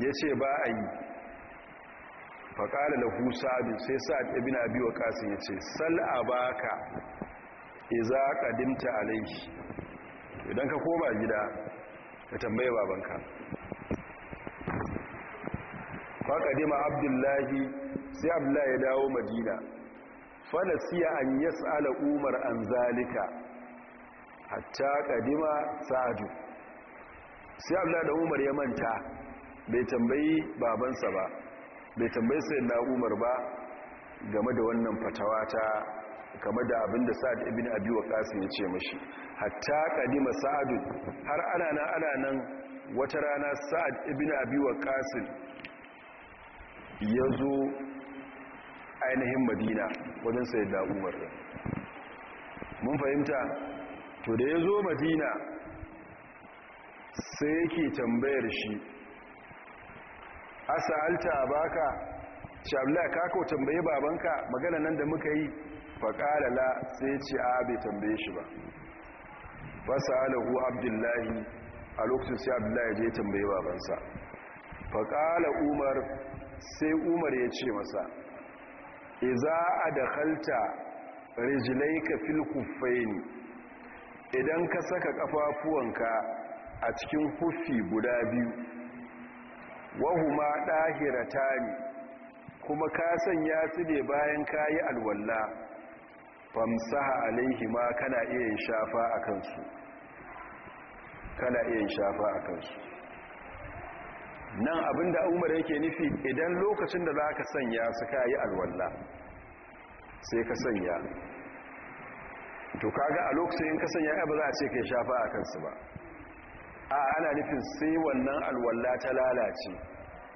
ya ce ba a yi faƙala da husa'adu sai sa'ad ibn abi wa ƙasin ya ce sal'a ba ka iza ƙadimta alaihi idan ka koma gida ka tambaye babanka Ba ƙadima abdullahi sai abdullahi ya dawo madina falasiya an yi tsala umar an zalika hatta ƙadima sa'adu sai abdullahi da umar ya manta bai tambayi babansa ba bai tambayi sayan na'umar ba game da wannan fatawa ta game da abin da sa'ad ibn abi waqas ya ce mashi hatta kadima Sa'adu har ana nan ana nan wata rana sa'ad ibn abi waqas ya zo ainihin madina wajen sayan na'umar umar mun fahimta to da ya zo madina sai yake tambayar shi asa alta baka shabla ka ko tambaye babanka magana nan da muka yi faƙala la sai ce a bai tambaye shi ba fasa alahu abdullahi a lokacin sai abdullahi je tambaye babansa faƙala umar sai umar ya ce masa iza a da halta rijilai ka filkufaini idan ka saka ƙafafuwanka a cikin hufi guda biyu wahuma ne kuma ka sanya su ne bayan kayi alwalla famsaha ma kana iya yin shafa a kansu kana iya yin shafa a kansu nan abinda umar yake nufi idan lokacin da za ka sanya su kayi alwalla sai ka sanya to kaga a lokacin in ka sanya ba za a ce ka shafa a kansu ba a ana nufin sai wannan alwalla ta lalace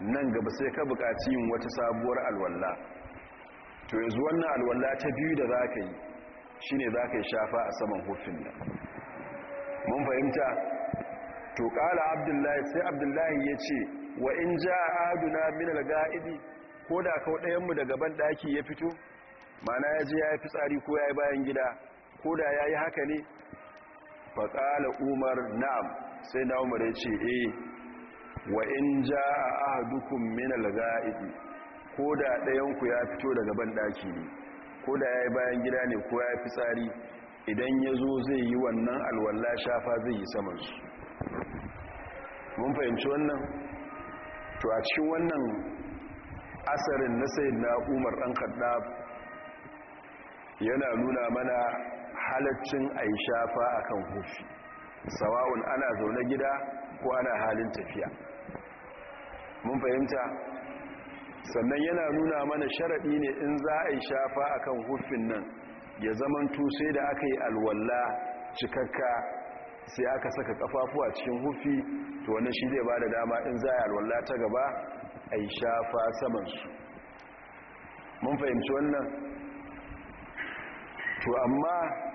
nan gaba sai ka bukaci yin wata sabuwar alwalla to yanzu wannan alwalla ta biyu da za ka yi shi ne za ka yi shafa a saman hufin nan mun fahimta to ƙala abdullahi sai abdullahi ya ce wa in ja aduna min alga'idi ko da kawo ɗayanmu daga ban ɗaki ya fito mana ya je ya yi fitsari ko ya yi bayan gida ko da ya yi haka ne faƙala umar na'am sai na umar ya ce eh wa in ja a ahadukun minal ga'ibi ko da ɗayanku ya fito daga banɗaki ne ko da ya yi bayan gida ne ko ya fi tsari idan ya zo zai yi wannan alwallah shafa zai yi samansu mun fahimci wannan to a cikin wannan asarin na na umar ɗan yana nuna mana halaccin a yi shafa a kan hufi sawa'un ana zaune gida ko ana halin tafiya mun fahimta sannan yana nuna mana sharaɗi ne in za a yi shafa akan hufin nan ya zaman tusai da aka yi alwalla cikakka sai aka saka ƙafafu a cikin hufi to wani shi zai ba da dama in za a yi alwalla ta gaba a yi shafa samansu mun fahimci wannan to amma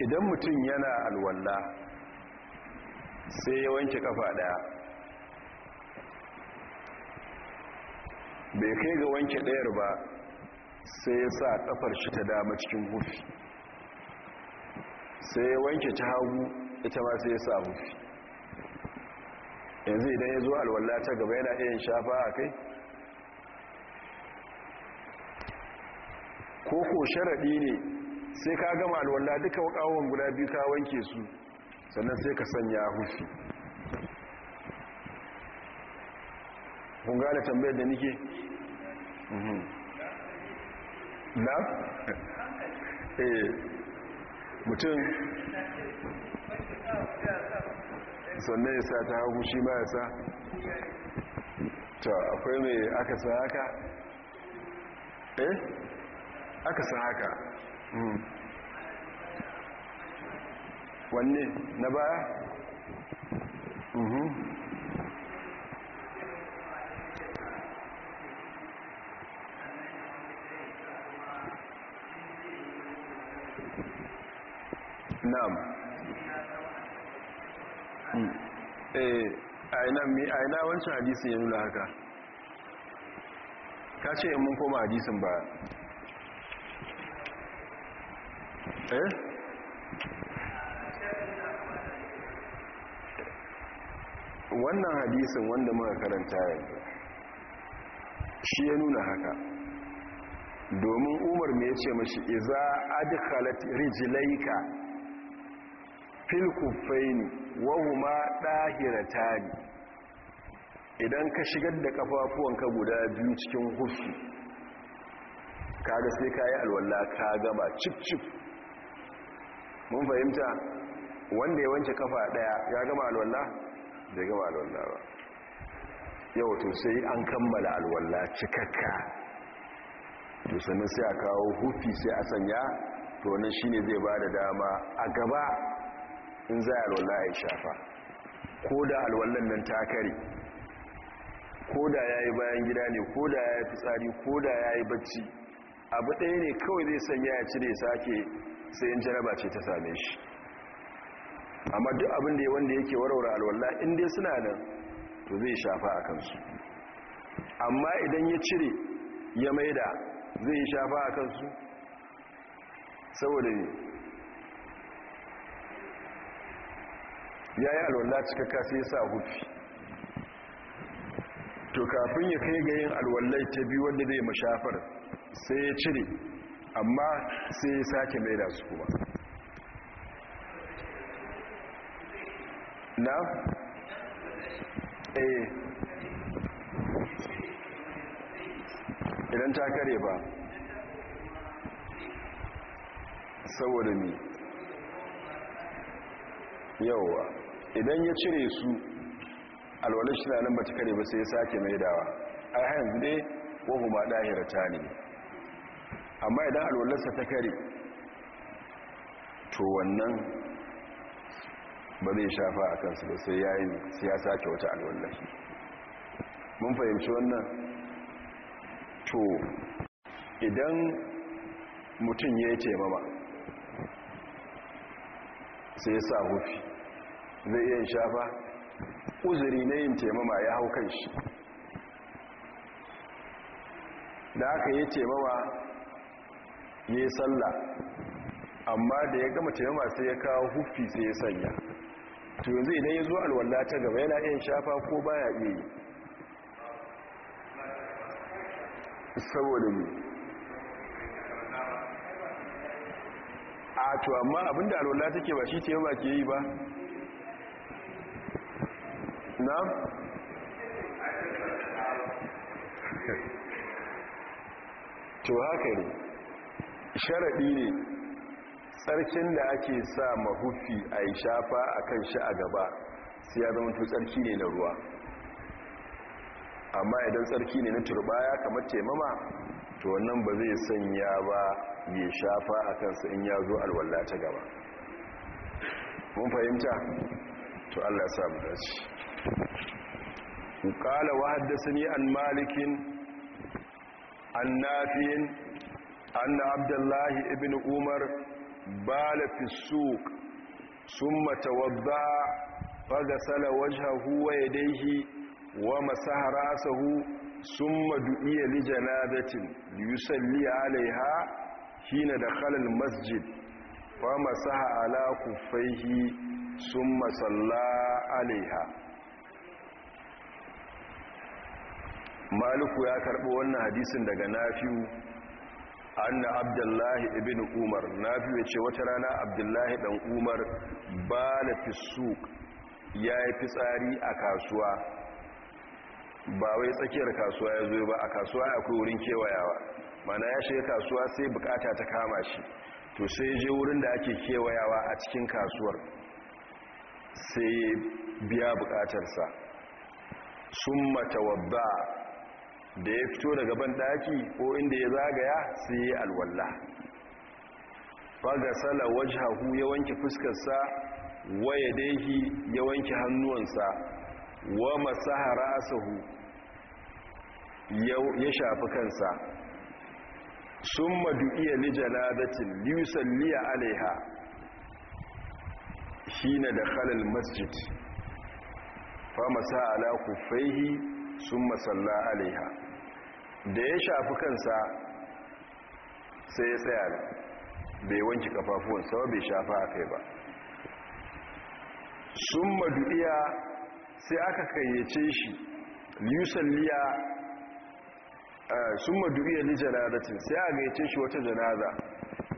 idan mutum yana alwalla sai ya wanke kafa daya bai kai ga wanke dayar ba sai ya sa kafar shi ta dama cikin hufi sai ya wanke ta hagu ita ma sai ya sa hufi yanzu idan ya zo alwalla ta gaba yana iya shafa a kai ko ko sharaɗi ne sai ka gama alwallah duka wakawon guda biyu ka wanke su sannan sai ka sanya hufi Kunga da tambayar da nike? Mhm. na? eh mutum sannan ya sa ta hagu shi ma ya sa ta akwai mai aka sa haka? eh? aka sa haka Hmm. wanne na baya hmm. nam hmm. eh, A ina wancan hadisin ya nuna haka ka ce mun koma hadisin ba Eh? wannan hadisin wanda muka karanta yanzu shi ya nuna haka domin umar mai ce mashi iza adkhalat ka? fil kuffaini ɗahira huma dahiratani idan ka shigar da kafafuwanka guda biyu cikin hufi kaga sai kayi alwala ka gama cip cip mun fahimta wanda ya wanke kafa daya ya gama alwallah bai gama alwallah ba yau to sai an kammala alwallah cikakka to sannan sai a kawo hufi sai a sanya to wannan shine zai ba da dama a gaba in za a alwallah ya shafa ko da alwallan nan ta kare ko da yayi bayan gida ne ko da ya yi fitsari ko da yayi yi bacci abu ɗaya ne kawai zai sanya ya cire sake sai in jaraba ce ta same shi amma duk abin da wanda yake warware alwallah inda suna nan to zai shafa a kansu amma idan ya cire ya maida zai shafa a kansu saboda ne ya yi alwallah cikakka sai ya sa hufi to kafin ya kai ga yin alwallah ta biyu wanda zai mashafar sai ya cire amma sai ya sake mai da su kuma na? eh idan ta kare ba saboda ne yauwa idan ya cire su alwalar shi na nan ba ta kare ba sai ya sake mai dawa a hanzu dai wahuma ɗahirata ne amma idan alwallarsa ta kare to wannan ba zai shafa a kansu ba sai ya yi siyasa ke wata alwallar mun fahimci wannan to idan mutum ya yi taimama sai ya sa hufi zai iya shafa uzuri na yin taimama ya hau kai shi da aka yi taimama ya yi sallah amma da ya gama taimama sai ya kawo huffi sai ya sanya to yanzu idan ya zo alwallah ta gaba yana iya shafa ko baya iya yi saboda mu a to amma abinda alwallah take ba shi taimama ke yi ba na? to haka ne sharaɗi ne tsarkin da ake sa mahufi a yi shafa a kan shi a gaba sai ya zama tsarki ne na ruwa amma idan tsarki ne na turbaya kamar taimama to wannan ba zai sanya ba ya shafa a kansa in ya zo alwallah ta gaba mun fahimta to Allah ya samu dace ƙala wa ni an malikin an nafiyin anna abdullahi ibn umar bala fi suq summa tawadda faghsala wajhahu wa yadayhi wa masaha ra'sahu summa du'iya li janabatin yusalli 'alayha hina dakhala al-masjid fa masaha 'ala kuffayhi summa salla 'alayha maliku ya karɓi wannan hadisin daga nafi'u anna abdullahi ibn umar nafi fi ce wata rana abdullahi dan umar ba na fi ya yi fitsari a kasuwa ba wai tsakiyar kasuwa ya zo ba a kasuwa akwai wurin kewayawa mana ya shiga kasuwa sai bukata ta kama shi to sai je wurin da ake kewayawa a cikin kasuwar sai biya bukatarsa sun matawabba da ya fito daga banɗaki ko inda ya zagaya sai ya alwalla fagasala wajhahu ya wanke fuskarsa waya daihi ya wanke hannuwansa wa masaha ra'sahu ya shafi kansa summa du'iya li janadatin yusalliya alaiha da dakhala masjid. fa masa ala kufaihi summa salla alaiha da ya shafi kansa sai ya tsaya bai wanki kafafuwan sawa bai shafa a kai ba sun madu'iya sai aka kayyace shi liyusalliya sun madu'iya ni janaratin sai a gayyace shi wata janaza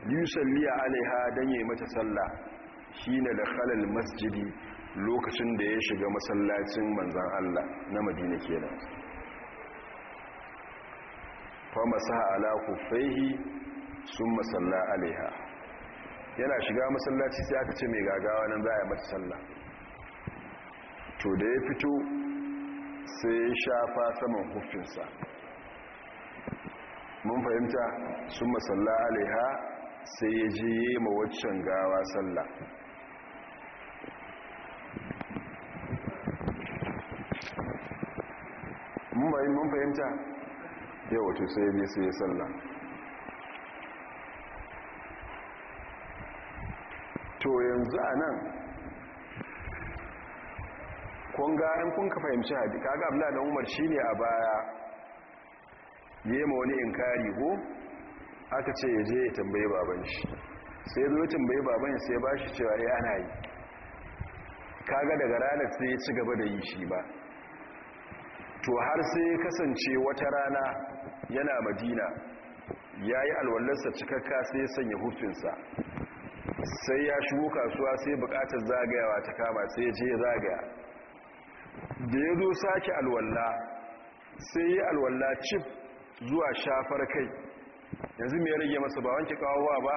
liyusalliya alaiha don yi mata sallah shi ne da halal masjidi lokacin da ya shiga masallacin manzan Allah na madina kenan famasa ala kufaihi sun masalla alaiha yana shiga masallaci sai aka ce mai gagawa nan za a yi mata sallah to da ya fito sai ya shafa saman hufinsa mun fahimta sun masalla alaiha sai ya je yi ma gawa sallah mun fahimta yau wato sai ya sai ya salla to yanzu a nan kunga in kun ka fahimci hadi kaga abu dan umar shine a baya yema wani inkari ko aka ce ya je ya tambaye baban shi sai zo tambaye baban sai ba shi cewa ya eh, ana yi kaga daga ranar sai ya ci gaba da yi shi ba to har sai ya kasance wata rana yana madina ya yi alwallarsa cikakka sai ya sanya hufinsa sai ya shigo kasuwa sai bukatar zagayawa ta kama sai ya je zagaya da ya zo sake alwalla sai ya alwalla cif zuwa shafar kai yanzu mai rage masa ba wanke kawowa ba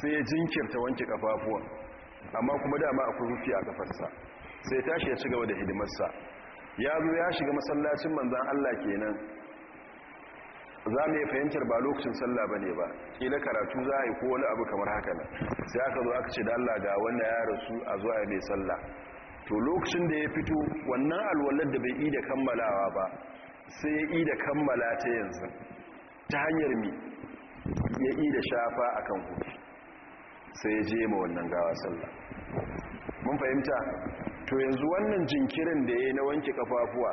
sai ya jinkirta wanke kafafuwa. amma kuma dama akwai rufi a kafarsa sai tashi ya ci gaba da hidimarsa ya zo ya shiga masallacin manzan allah kenan za mu yi fahimtar ba lokacin sallah ba ne ba ƙila karatu za a yi ko wani abu kamar haka nan sai aka zo aka ce da allah ga wannan ya rasu a zuwa ya mai sallah to lokacin da ya fito wannan alwallar da bai yi da kammalawa ba sai ya yi kammala ta yanzu ta hanyar mi ya yi shafa a kan hudu sai ya je ma wannan gawa sallah mun fahimta to yanzu wannan jinkirin da ya yi na wanke kafafuwa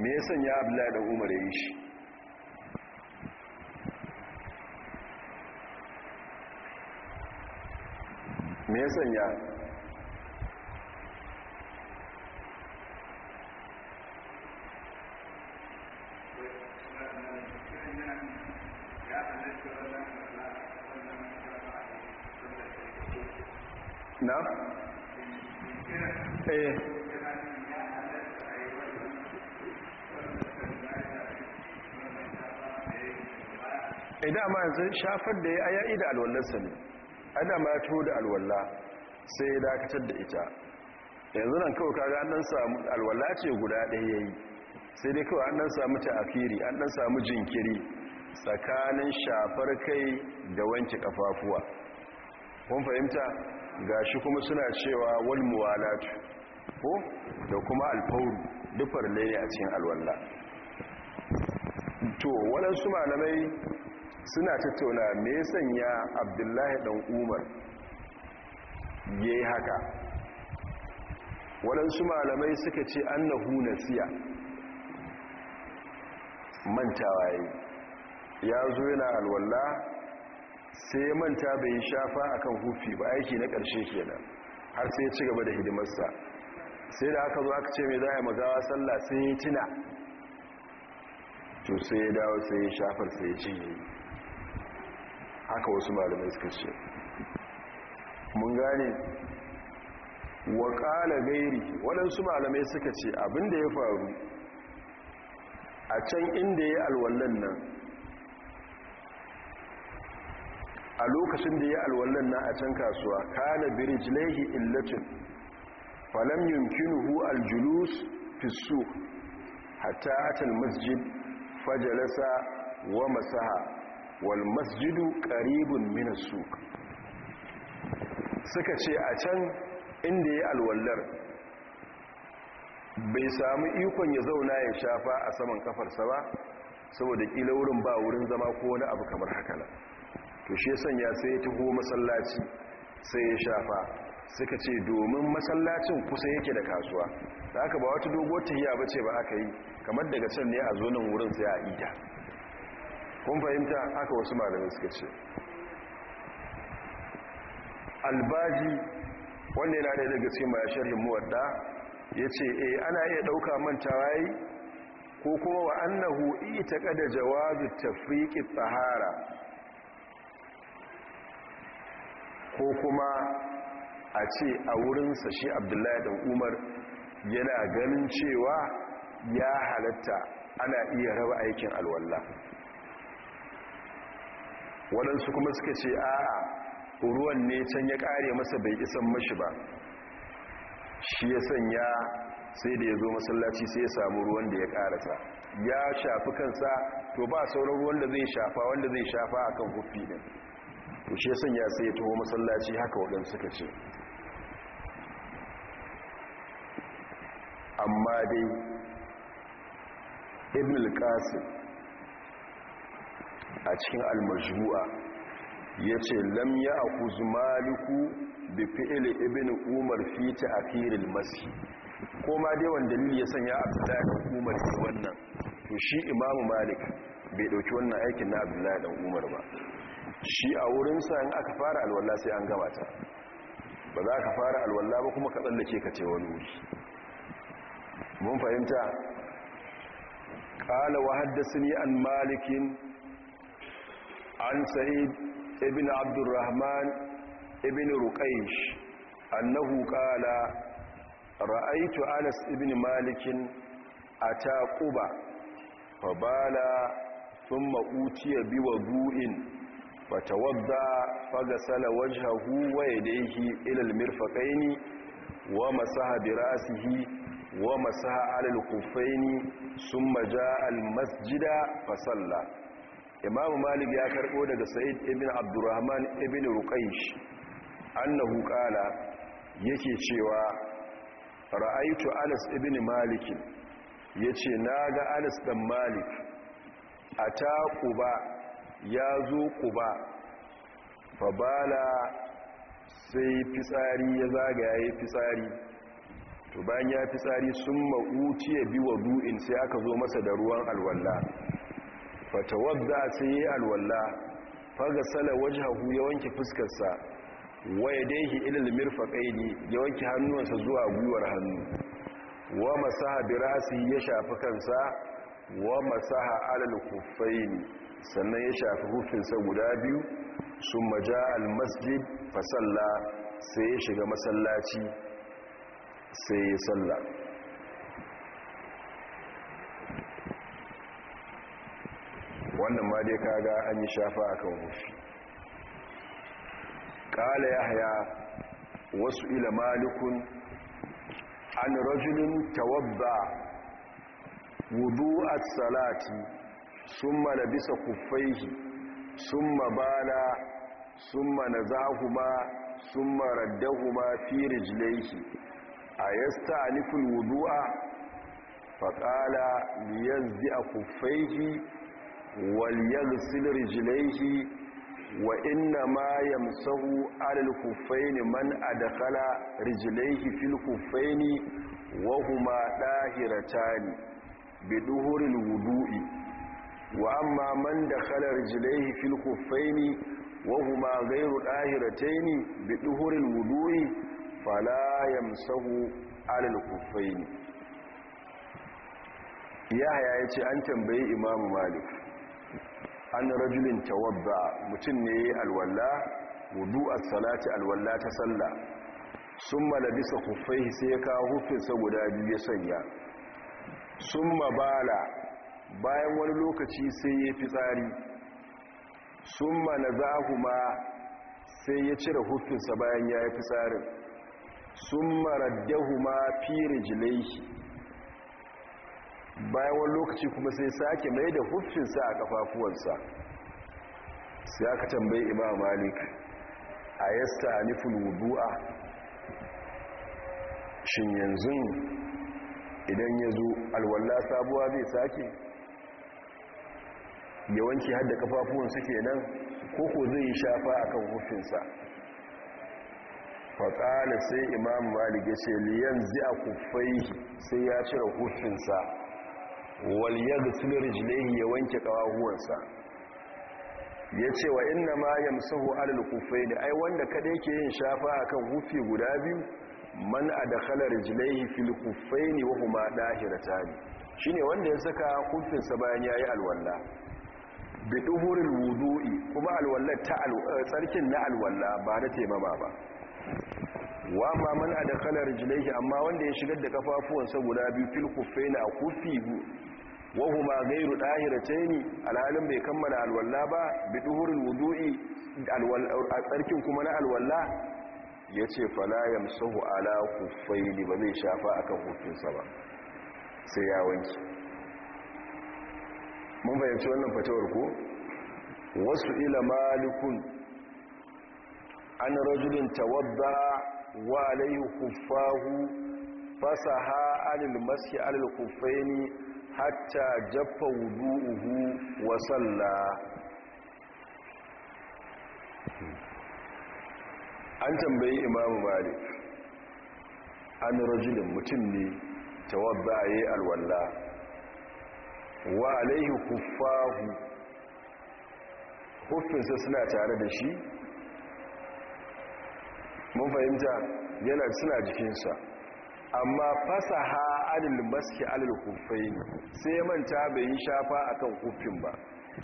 me ya sanya abdullahi da umar ya yi shi me ya sanya na? eh idan eh, ma yanzu shafar da ya ida alwallarsa ne ana mato da alwala sai ya dakatar da ita yanzu nan kawai kaga an dan samu alwala ce guda ɗaya yayi sai dai kawai an dan samu ta'afiri an dan samu jinkiri tsakanin shafar kai da wanke kafafuwa kun fahimta gashi kuma suna cewa wal muwalatu ko da kuma alfauru duk ne a cikin alwala to waɗansu malamai suna tattauna me sanya abdullahi dan umar ya yi haka waɗansu malamai suka ce na nasiya mantawa yi ya zo yana alwalla sai ya manta bai shafa akan hufi ba aiki na ƙarshe ke nan. har sai ci gaba da hidimarsa sai da aka zo aka ce mai za a yi magawa sallah sai ya tuna to sai ya dawo sai ya shafar sai ya cinye haka wasu malamai suka ce mun gane wa ƙala gairi waɗansu malamai suka ce abinda ya faru a can inda ya alwallon nan a lokacin da ya alwallon nan a can kasuwa kana birijlehi illatin falam hu aljulus fisu hatta atal masjid fajalasa wa masaha wal masjidu qaribun min as suka ce a can inda yayi alwallar bai samu ikon ya zauna ya shafa a saman kafarsa ba saboda kila wurin ba wurin zama ko wani abu kamar haka na to shi sanya sai ya taho masallaci sai ya shafa suka ce domin masallacin kusa yake da kasuwa da aka ba wata doguwar tahiya ce ba aka yi kamar daga can ne a zo wurin sai a ida kun fahimta haka wasu malamai suka ce albaji wanda yana da daga cikin mai sharhin muwadda ya ce e ana iya ɗauka mantawa yi ko kuma wa annahu ita kada jawabi tafriqi tsahara ko kuma a ce a wurinsa shi abdullahi da umar yana ganin cewa ya halatta ana iya raba aikin alwallah waɗansu kuma suka ce a'a ruwan ne can ya ƙare masa bai isan mashi ba shi ya sanya sai da ya zo masallaci sai ya samu ruwan da ya ƙarasa ya shafi kansa to ba sauran ruwan da zai shafa wanda zai shafa a kan hufi ne to shi ya sanya sai ya taho masallaci haka waɗansu suka ce amma dai ibn al-qasim a cikin almajmu'a ya ce lam ya akuzu maliku da fi'il ibn umar fi ta'khiril masi ko ma dai wanda dalili ya sanya abdullahi da umar ne wannan to shi imamu malik bai dauki wannan aikin na abdullahi dan umar ba shi a wurin sa in aka fara alwala sai an gama ta ba za ka fara alwala ba kuma ka tsallake ka ce wani wuri mun fahimta qala wa haddathani an malikin an sa'id Ibin abdurrahman Ibin ruqaysh annahu qala Ra'aitu anas ibn malik ata quba fa bala thumma utiya bi wudu'in fatawadda faghsala wajhahu wa yadayhi ila al-mirfaqaini wa masaha bi ra'sihi ومسها على الكفين ثم جاء المسجد فصلى imamu malik ya karbo daga sa'id ibn abdurrahman ibn ruqaysh annahu qala yake cewa ra'aitu anas ibn malik yace naga anas dan malik ata quba yazo quba fabala sai fitsari ya zaga yi fitsari to bayan ya fitsari sun ma'uciye biwa du'in sai aka zo masa da ruwan alwalla. fatawadda sai yi alwalla fagasala hahu ya wanke fuskarsa waya daihi ilil mirfaqaini ya wanke hannuwansa zuwa gwiwar hannu wa masaha bi ya shafi kansa wa masaha alal khuffaini sannan ya shafi hufinsa guda biyu summa maja al masjid fa salla sai ya shiga masallaci sai ya salla wannan ma dai kaga an yi shafa akan hufi qala yahya wasu ila malikun an rajulin tawadda wudu'a salati summa labisa kuffaihi summa bala summa nazahuma summa raddahuma fi rijlaihi ayasta'nifu alwudu'a faqala a kuffaihi walyaghsil rijlaihi wa inna ma yamsahu alal kuffaini man adkhala rijlaihi fil kuffaini wa huma dahiratani biduhuril wudu'i wa amma man dakhala rijlaihi fil kuffaini wa huma ghayru dahirataini biduhuril wudu'i fala yamsahu alal kuffaini ya ce an tambayi imamu malik an rajulin tawadda mutum ne alwalla wudu a salati alwalla ta salla summa bisa kufai sai ya kawo hufinsa guda biyu ya sanya sun bala bayan wani lokaci sai ya fi tsari summa kuma sai ya cire hufinsa bayan ya yi fitsarin summa raddahuma fi rijilai bayan wani lokaci kuma sai sake mai da hufinsa a kafafuwansa sai aka tambayi imam malik a yasta nufin wudu'a shin yanzu idan ya zo alwallah sabuwa zai sake yawanci hadda kafafuwansa kenan koko zai yi shafa a kan hufinsa faƙala sai imam malik ya ce liyan zai a kufai sai ya cire hufinsa wal yaghsil rijlaihi ya wanke kawahuwansa ce wa inna ma musahu alalukufai da ai wanda kada yake yin shafa a kan hufi guda biyu man a adkhala rijlaihi fil kuffaini wa ne Shi ne wanda ya saka hufinsa bayan ya yi alwallah bi ɗuhurin wudu'i kuma alwala ta eh, tsarkin na alwala ba na taimama ba wa ma man a adkhala rijlaihi amma wanda ya shigar da kafafuwansa guda biyu fil na a kufi wahu ma gairu ne alhalin bai kammala alwalla ba bi wudu'i a tsarkin kuma na alwalla ya ce falayam sahu ala kufaili ba zai shafa akan hukunsa ba sai ya wanki mun fahimci wannan fatawar ko wasu ila malikun an rajulin tawadda wa alayhi kufahu fasaha alil maski alal kufaini hatta jaffa wudu'uhu wa salla an tambayi imamu malik an rajulin mutum ne tawadda a yi alwalla wa alaihi kuffahu Hufinsa suna tare da shi mun fahimta yana suna jikinsa amma fasaha alil maski alil kufai sai manta bai yi shafa akan kufin ba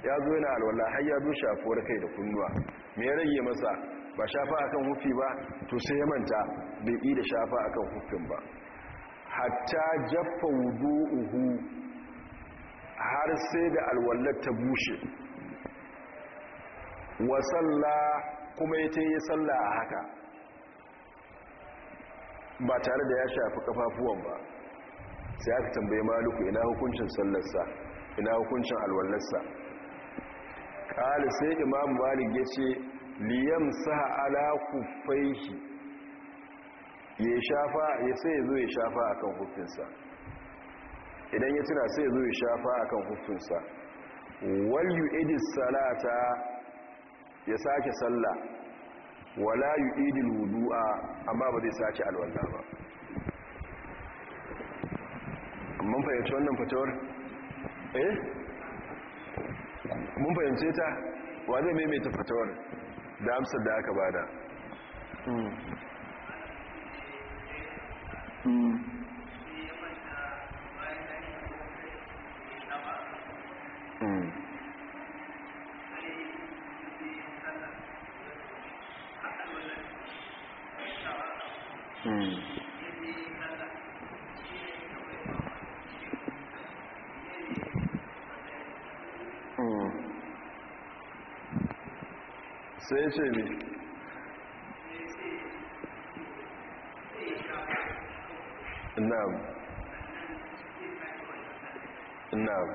ya zo yana alwala har ya zo shafuwar kai da kunnuwa me ya rage masa ba shafa akan hufi ba to sai ya manta bai yi da shafa akan hufin ba hatta jaffa wudu'uhu har sai da alwallar ta bushe wa kuma ya ta yi salla a haka ba tare da ya shafi kafafuwan ba sai aka tambaye maluku ina hukuncin sallarsa ina hukuncin alwallarsa ƙali sai imam malik ya ce liyam saha ala kufaihi ya shafa ya sai ya zo ya shafa a kan hukuncinsa idan ya tuna sai ya zo ya shafa a kan hukuncinsa wal yu idis salata ya sake sallah wala yu'idul wudu'a amma ba zai sace alwala ba mun fahimci wannan fitowar eh mun fahimce ta wa zai maimaita fatawar da amsar da aka bada hmm. Hmm. Hmm. Hmm. sai ce ne na'am na'am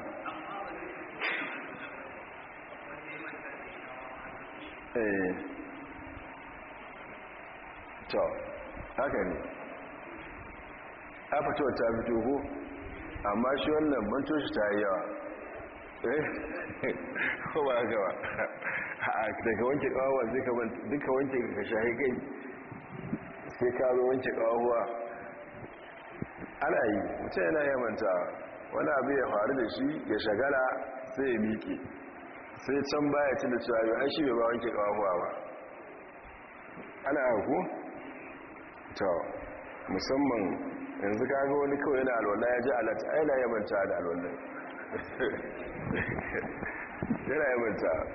eh to haka ne a fito ta fito ko amma shi wannan banto shi ta yi yawa eh ko ba haka ba daga wanke kawawa duka wanke ka shahi kai sai ka wanke kawawa ana yi mutum yana yamantawa wani abu ya faru da shi ya shagala sai ya miƙe sai can baya tuna cewa yau an shi bai ba wanke kawawa ba ana haku ta musamman yanzu kaga wani kawai yana alwala ya ji alata aina ya manta da alwala yana ya wa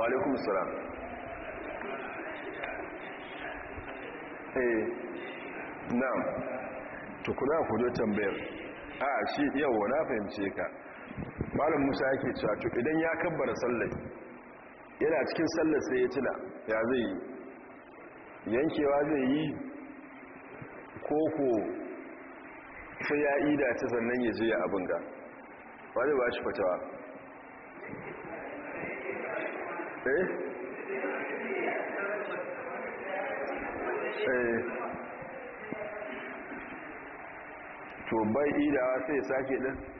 walekun sura eh na tukuna kudu tambayar a shi yawa na fahimce ka malam musa yake cewa idan ya kabbara sallai yana cikin sallar sai ya tuna ya zai yi yankewa zai yi koko sai ya ida ta sannan ya je abin ga ba zai ba shi fatawa eh? Eh. to bai idawa sai sake din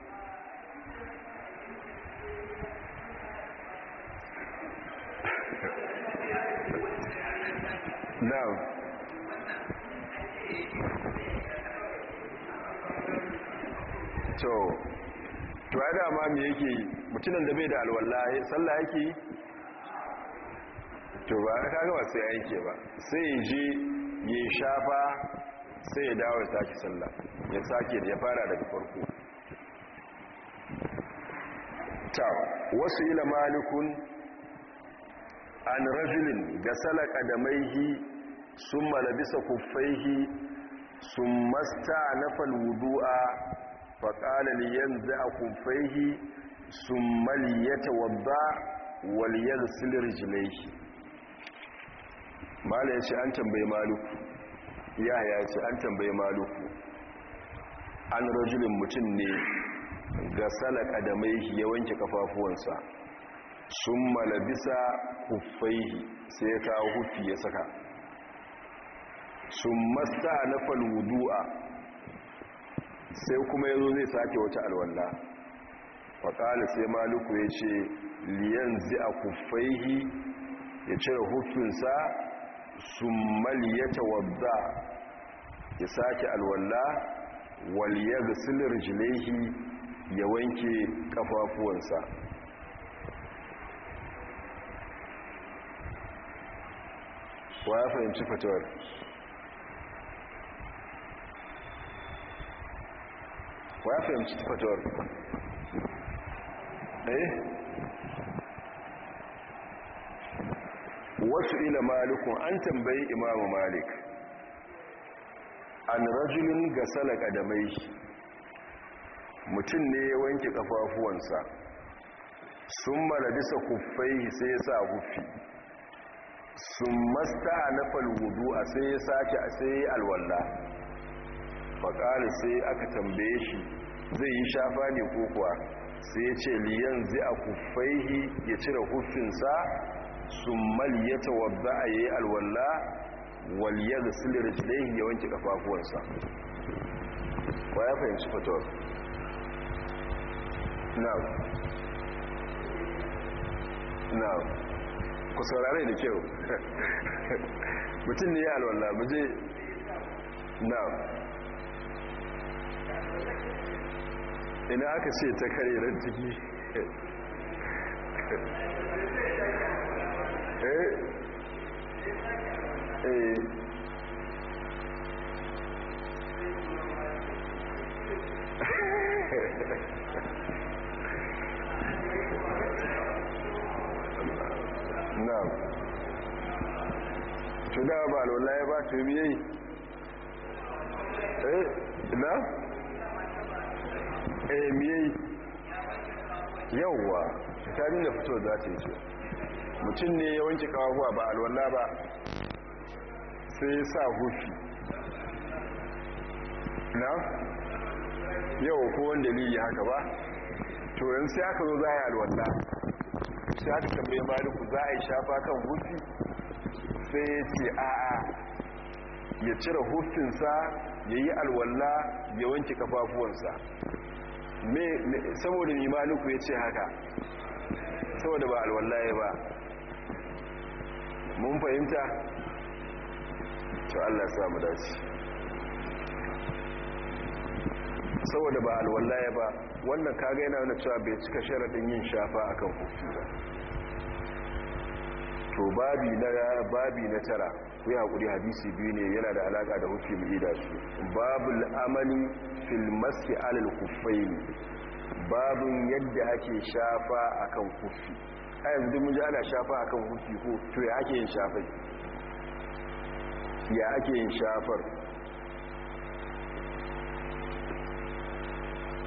na'am to to ya dama mai yake mutunan mutumin da bai da alwala eh, sallah yake yi to ba ka ba sai yake ba sai ya je ya shafa sai ya dawo ya sake sallah ya sake ya fara daga farko ta wasu ila malikun an rajulin ga salaka da maihi sun malabisa kufaihi sun masta nafal wudu'a faƙalali yanzu a kufaihi sun maliyata wadda waliyar silir jilaihi mala ya ce an tambaye maluku ya ya ce an tambaye maluku an rajulin mutum ne ga salaka da mai ya wanke kafafuwansa sun malabisa kufaihi sai ya kawo hufi ya saka sun masta na falwudu'a sai kuma ya zo zai sake wata alwalla faƙali sai maluku ya ce liyan zai a kufaihi ya cire hufinsa sun maliyata wadda ya sake alwalla ga silir jilehi ya wanke kafafuwansa. wa ya fahimci fatawar wa ya fahimci fatawar eh wasu ila malikun an tambayi imamu malik an rajulun ga salaka da mai mutum ne ya wanke kafafuwansa sun mara bisa kuffai sai ya sa hufi. sun masta a nafal wudu a sai ya sake a sai alwallah faƙari sai aka tambaye shi zai yi shafa ne ko kuwa sai ya ce liyan zai a kufaihi ya cire kufinsa sun maliyata ya a yi alwalla waliyar da silir jilai ya wanke kafafuwansa ba ya fahimci fatawar Na. Na. ku saurare da kyau mutum ne ya alwalla mu je now ina aka ce ta kare ran ciki eh. eh. na tuda ba lola ya ba ta biyayi eh na eh yau wa tarin da fito za ta yi ce mutum ne ya wanke kawawa ba alwala ba sai ya sa hufi na yau ko wanda liyi haka ba turin sai aka zo za a yi alwala sai aka tambaye maliku za a yi shafa kan hufi sai ya ce a'a ya cire hufinsa ya yi alwalla ya wanke kafafuwansa saboda limaniku ya ce haka saboda ba alwallaye ba mun fahimta to Allah sa mu dace saboda ba alwallaye ba wannan kaga yana wani cewa bai cika sharaɗin yin shafa akan kofi ba to babi na tara ku yi haƙuri hadisi biyu ne yana da alaƙa da hukki mu da su babu amali fil maski alal kufai ne babun yadda ake shafa akan kufi a yanzu duk mun ji ana shafa akan kufi ko to ya ake yin shafai ya ake yin shafar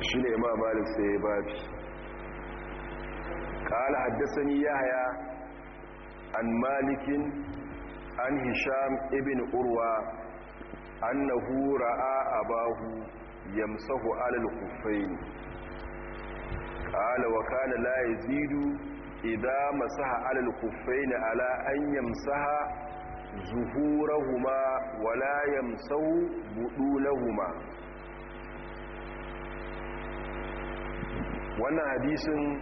shi ne ma balik sai ya babi haddasa ni yaya an malikin an hisham ibn urwa annahu ra'a abahu yamsahu alal khuffayn qala wa kana la yazidu idha masaha alal ne ala an yamsaha zuhurahuma wala yamsahu budulahuma wannan hadisin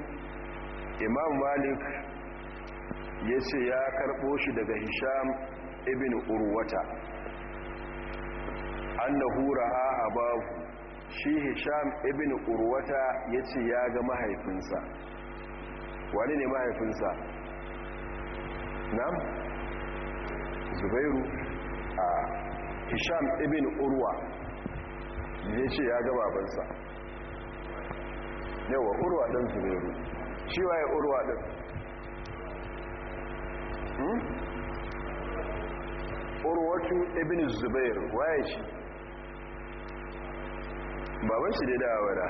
imam malik ya ce ya karɓo shi daga hisham ibn urwata hura a abahu shi hisham ibn urwata ya ce ya ga mahaifinsa wani ne mahaifinsa Nan. zubairu a hisham ibn urwa ya ce ya ga babansa yawa urwa ɗan zubairu shi waye urwa ɗin urwatu ibn zubair waye shi baban shi da dawa da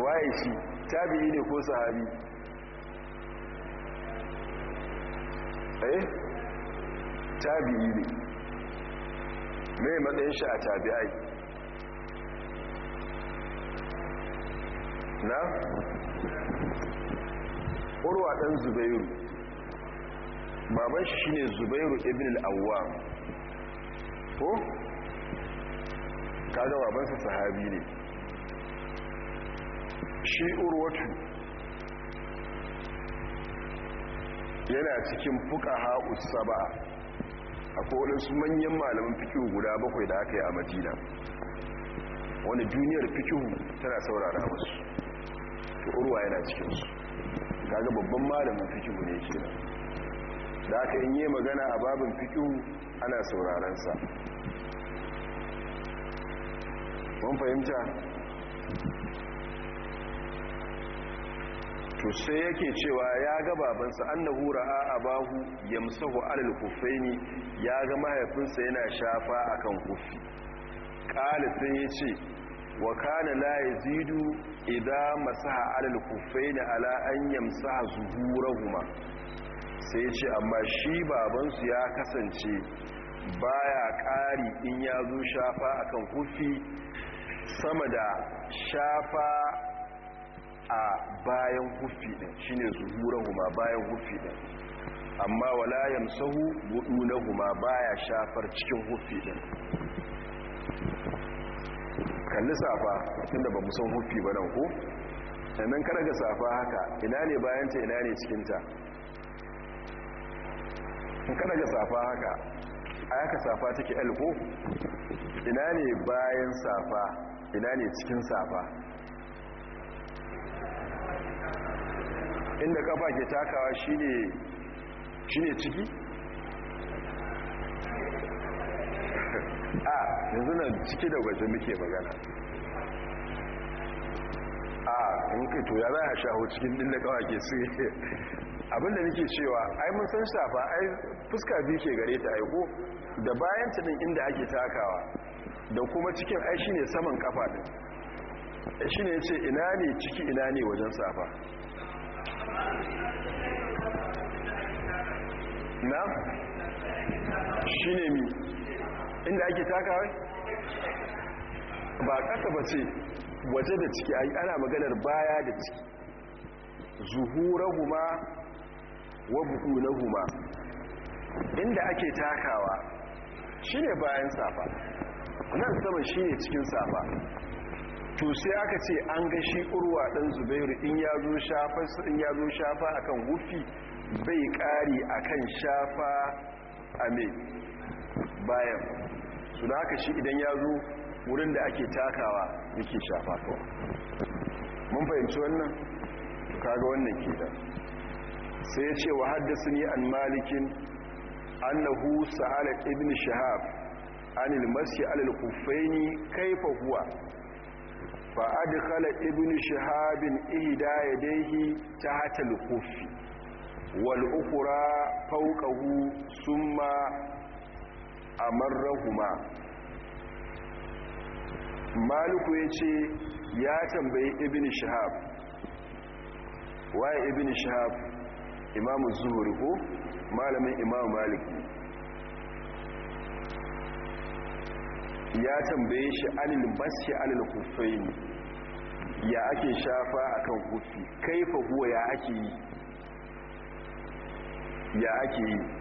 waye shi tabi'i ne ko sahabi eh tabi'i ne mai matsayin shi a tabi'ai na urwa ɗan zubairu baban shi shine zubairu ibn al-awwam ko kaga babansa sahabi ne shi urwatu yana cikin fuqaha usaba akwai waɗansu manyan malaman fikihu guda bakwai da aka yi a madina wani duniyar fikihu tana saurara musu to urwa yana cikinsu kaga babban malamin fikihu ne ke da aka in yi magana a babin fikihu ana saurarensa mun fahimta to sai yake cewa ya ga babansa annahu ra'a abahu yamsahu alal kufaini ya ga mahaifinsa yana shafa akan kufi qala sai yace wa kana la yazidu idza masaha alal kuffain ala an yamsaha zuhurahuma sai yace amma shi babansu ya kasance baya kari in ya zo shafa akan kufi sama da shafa a bayan kufi din shine zuhurahuma bayan kufi din amma wala yamsahu budunahuma baya shafar cikin kufi din kalli safa tunda ba mu san hufi ba nan ko sannan ka ga safa haka ina ne bayanta ina ne cikinta in kada ga safa haka Aya ka safa take alko ina ne bayan safa ina ne cikin safa inda kafa ke takawa shine shine ciki a yanzu nan ciki da waje muke magana a in kai to ya za a shaho cikin ɗin da kawake su abinda nake cewa ai mun san shafa ai fuska biyu ke gare ta aiko da bayan ta inda ake takawa da kuma cikin ai shine saman kafa ɗin shi ne ce ina ne ciki ina ne wajen safa na shi ne mi inda ake takawa ba kasa ba ce waje da ciki ana maganar baya da ciki zuhurahuma wa bukunahuma inda ake takawa shi ne bayan safa nan sama ne cikin safa to sai aka ce an ga shi urwa dan zubairu in ya zo shafa in ya zo shafa akan wufi bai kari akan shafa a mai bayan su da haka shi idan ya zo wurin da ake takawa yake shafa to mun fahimci wannan kaga wannan ke da sai ya ce wa haddasa ni an malikin annahu sa'ala ibn shahab an ilmasi alal kufaini kaifa huwa fa adkhala ibn shahab ihda yadayhi ta hatal kufi wal ukhra fawqahu summa amarrahuma maluku maliku ya ce ya tambayi ibn shahab waye ibn shahab imamu zuhuri ko malamin imamu maliki ya tambaye shi anil bashi alil kufaini ya ake shafa akan kufi kaifa huwa ya ake yi ya ake yi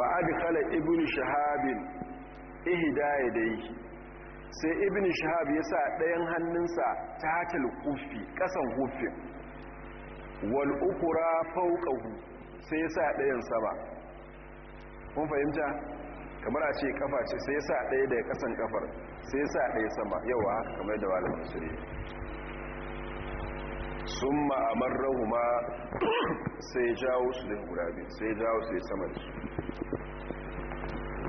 kala ibn shahabin ihidaya da yi sai ibn shahab ya sa ɗayan hannunsa ta hatal kufi ƙasan kufin wal'ukura fauƙahu sai ya sa ɗayan sama kun fahimta kamar a ce kafa ce sai ya sa ɗaya daga ƙasan kafar sai ya sa ɗaya sama yawa kamar da walar shirya sun ma'amar rahuma sai jawo su da guda biyu sai jawo su da sama da su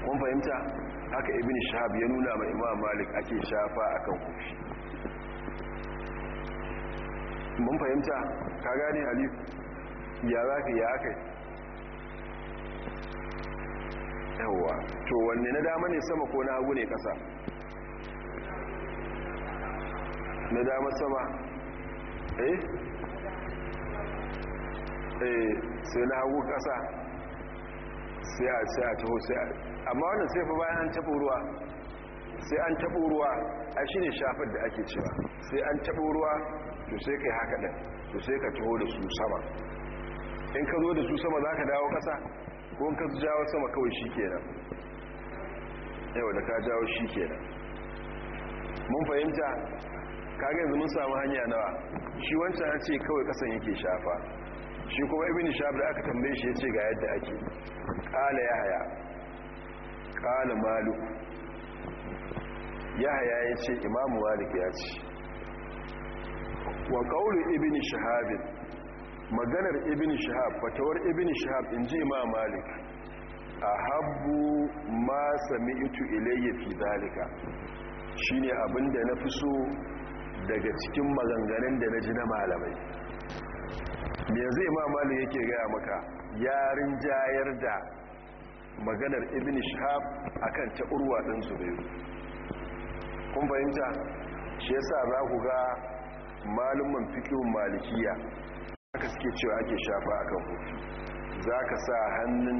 kun fahimta haka ibn shahab ya nuna ma imam malik ake shafa akan kushi mun fahimta ka gane halif ya za ka ya aka yawa to wanne na dama ne sama ko na hagu ne kasa na dama sama Eh? Eh, sai na hagu kasa sai a sai a taho sai amma wannan sai fa bayan an taɓo ruwa sai an taɓo ruwa a shi ne shafar da ake cewa sai an taɓo ruwa to sai ka yi haka ɗan to sai ka taho da su sama in ka zo da su sama za ka dawo ƙasa ko in ka jawo sama kawai shi kenan yau da ka jawo shi kenan mun fahimta kaga yanzu mun samu hanya nawa shi wancan ya ce kawai kasan yake shafa shi kuma ibn shahab da aka tambaye shi ya ce ga yadda ake kala yahaya kala malik yahaya ya ce imamu malik ya ce wa kaulu ibn shahab maganar ibn shahab fatawar ibn shahab in ji imam malik ahabbu ma sami'tu ilayya fi zalika shine abinda na fi so daga cikin maganganun da na ji na malamai me zai mamalu yake gaya maka yarin jayar da maganar ibn shahab akan ta urwa ɗin zubairu kun fahimta shi yasa za ku ga malumman fikihun malikiya haka suke cewa ake shafa a kan hutu za ka sa hannun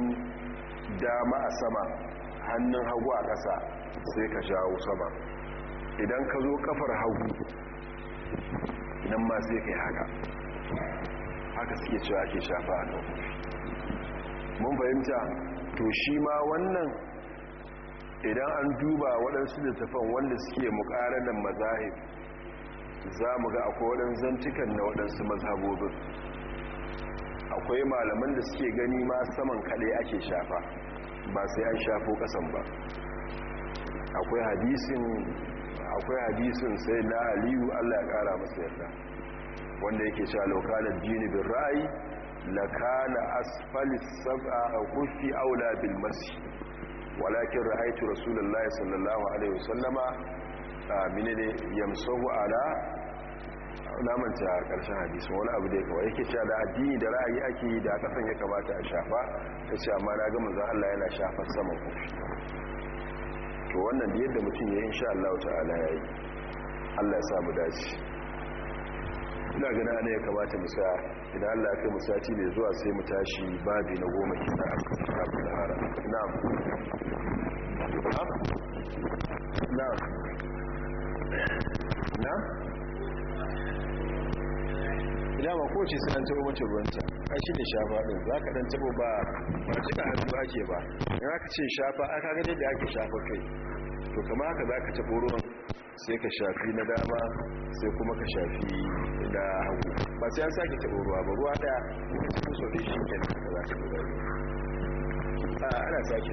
dama a sama hannun hagu a ƙasa sai ka shawo sama idan ka zo kafar hagu nan ma sai kai haka haka suke cewa ake shafa a nan mun fahimta to shi ma wannan idan an duba waɗansu littafan wanda suke muƙaranan mazahib za mu ga akwai waɗansu zantukan na waɗansu mazhabobin akwai malaman da suke gani ma saman kaɗai ake shafa ba sai an shafo ƙasan ba akwai hadisin akwai hadisin sai na aliyu allah ya kara masa yarda wanda yake sha lokalar jini bin ra'ayi kana asfalis sab'a a kufi aula bil masu walakin ra'aitu rasulullahi sallallahu alaihi wasallama amine ne yamsahu ala namanta karshen hadisun wani abu da ya kawai yake sha da addini da ra'ayi ake yi da kasan ya kamata a shafa ta ce amma na gama za Allah yana shafar saman kufi to wannan da yadda mutum ya yi insha Allah ta'ala ya yi Allah ya samu dace ina gina ana ya kamata musa idan Allah ya kai mu sati ne zuwa sai mu tashi babi na goma kina a kafin na na'am na na. dama ko ce sai an tabo mace ruwanta a shi da shafa din za ka dan tabo ba ba cika hannu ake ba in aka ce shafa aka gani da ake shafa kai to kama haka za ka tabo ruwan sai ka shafi na dama sai kuma ka shafi da hagu ba sai an sake tabo ruwa ba ruwa da ya cikin so da shi kenan ka za ka tabo a ana sake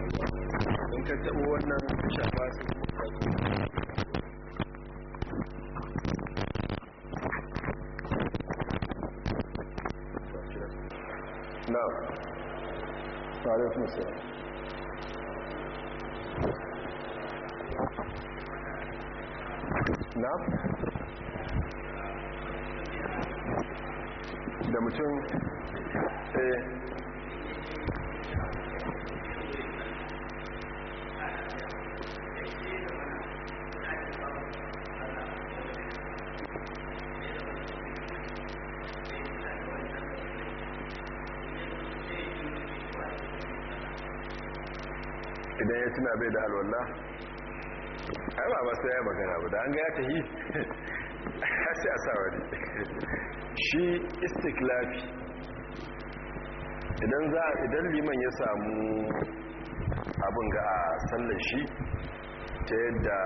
in ka tabo wannan shafa sai kuma ka na tare kuma sai na da mutum eh bai da alwala ai ba ba sai ya magana ba da an ga ya tahi ya ce a sa wani shi istiklafi idan za idan liman ya samu abin ga a sallar shi ta yadda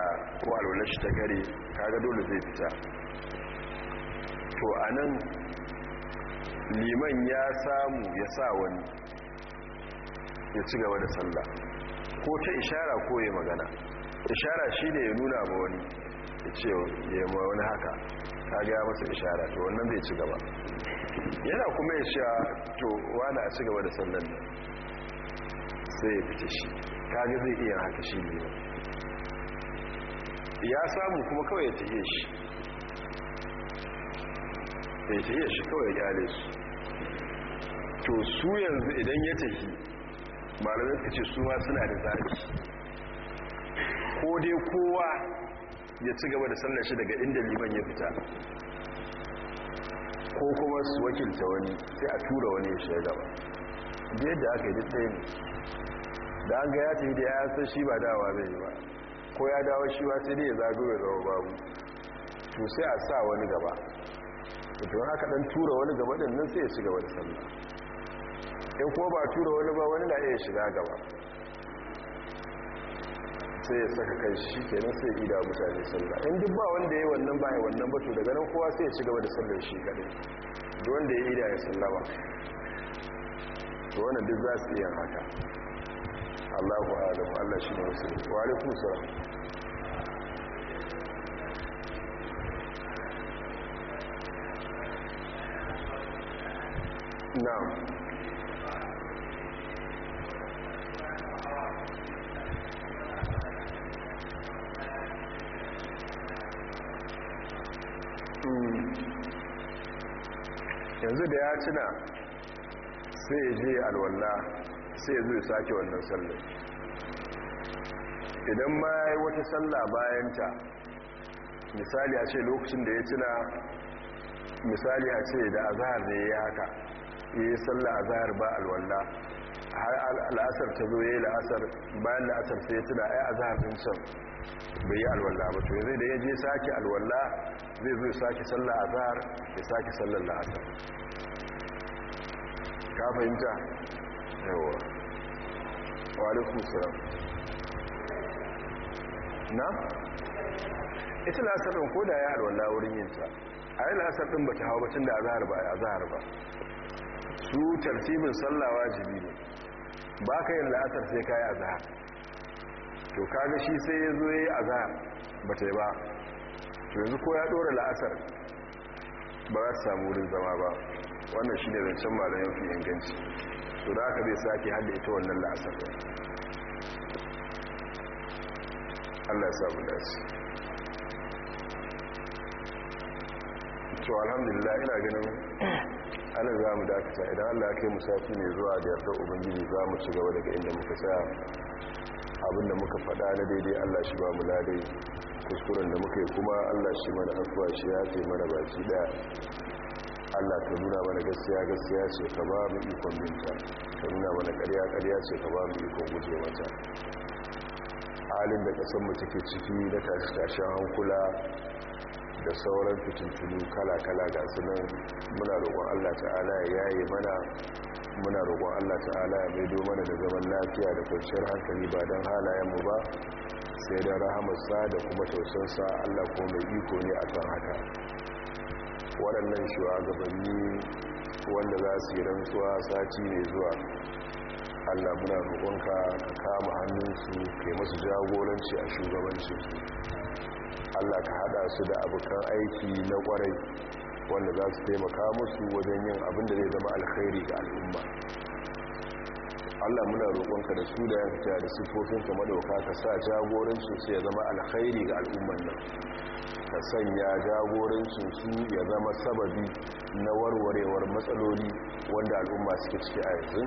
ko alwala shi ta gare kaga dole zai fita to a nan liman ya samu ya sa wani ya ci gaba da sallah ko ta ishara ko ya magana ishara shi ne ya nuna ba wani ya ce ya ma wani haka ta gaya masa ishara to wannan zai ci gaba yana kuma ya sha to wani a ci gaba da sannan nan sai ya fita shi Ta ga zai iya haka shi ne ya samu kuma kawai ya tafiye shi ya tafiye shi kawai ya gyale su to su yanzu idan ya tafi malamai suka ce suwa suna da zaɓi ko dai kowa ya ci gaba da sallar shi daga inda liman ya fita ko kuma su wakilta wani sai a tura wani ya shaya gaba da yadda aka yi duk ɗaya ne da an ga ya tafi da ya san shi ba dawa zai ba ko ya dawo shi ba sai dai ya zago ya zama babu to sai a sa wani gaba ita haka ɗan tura wani gaba ɗin nan sai ya ci gaba da sallah in ko ba tura wani ba wani na iya shiga gaba sai ya saka kai shi nan sai ya mutane sallah in duk ba wanda ya yi wannan ba ya wannan batu daga nan kowa sai ya ci gaba da sallar shi kaɗai da wanda ya yi ida ya ba to wannan duk za su iya haka Allahu a'lam Allah shi ne wasu wa alaikum salam na'am yanzu da ya cina sai ya je alwallah sai ya zo ya sake wannan sallar idan ma ya yi wata sallah bayanta misali a ce lokacin da ya cina misali a ce da azahar ne ya haka ya yi sallah azahar ba alwallah har al'asar ta zo ya yi la'asar bayan la'asar sai ya cina tuna yi azahar din can bai yi alwalla ba sai zai da ya je sake alwalla zai zo sake a zahar ya sake sallar la'asar ka fahimta yawa walaikun salam na? ita la'asar ɗin ko da ya alwala wurin yinta a yi la'asar ɗin ba ta hau bacin da ba a zahar ba su tartibin sallawa jibi ne ba ka yin la'asar sai ka yi zahar. to kaga shi sai ya zo ya yi azahar ba ta yi ba to yanzu ko ya ɗora la'asar ba za su samu wurin zama ba wannan shi ne zancen malon yafi inganci to da aka bai sake hada ita wannan la'asar allah ya dace to alhamdulillah ina ganin ana za mu dakata idan allah kai musafi mai zuwa da yardar ubangiji za mu ci gaba daga inda muka tsaya abinda muka faɗa na daidai allah shi ba mu ladai kuskuren da muka yi kuma allah shi mana afuwa shi ya ce mana shi daya Allah ta nuna mana gaskiya gaskiya ce ka ba mu ikon binta ta nuna mana ƙarya ƙarya ce ka ba mu ikon guje mata halin da kasan mu take ciki na tashi tashi hankula da sauran fitintunu kala-kala ga sunan muna roƙon Allah ta'ala ya yaye mana muna roƙon Allah ta'ala ya maido mana da zaman lafiya da kwanciyar hankali ba don halayenmu ba sai da rahamarsa da kuma tausansa Allah ko mai iko ne akan haka waɗannan shugabanni wanda za su yi rantsuwa sati mai zuwa allah muna roƙonka ka kama hannunsu ke masu jagoranci a shugabancinsu allah ka haɗa su da abokan aiki na ƙwarai wanda za su taimaka musu wajen yin abin da zai zama alkhairi ga al'umma allah muna roƙonka da su da yanka da siffofin madauka ka sa jagoranci su ya zama alkhairi ga al'umman nan ka sanya jagorancin su ya zama sababi na warwarewar matsaloli wanda al'umma suke ciki a yanzu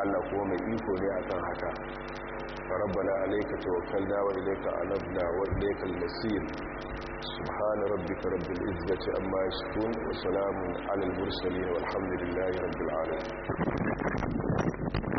Allah kuma mai iko ne a kan haka rabbana alayka tawakkalna wa ilayka anabna wa ilayka al-masir subhana rabbika rabbil izzati amma yasifun wa salamun alal mursalin walhamdulillahi rabbil alamin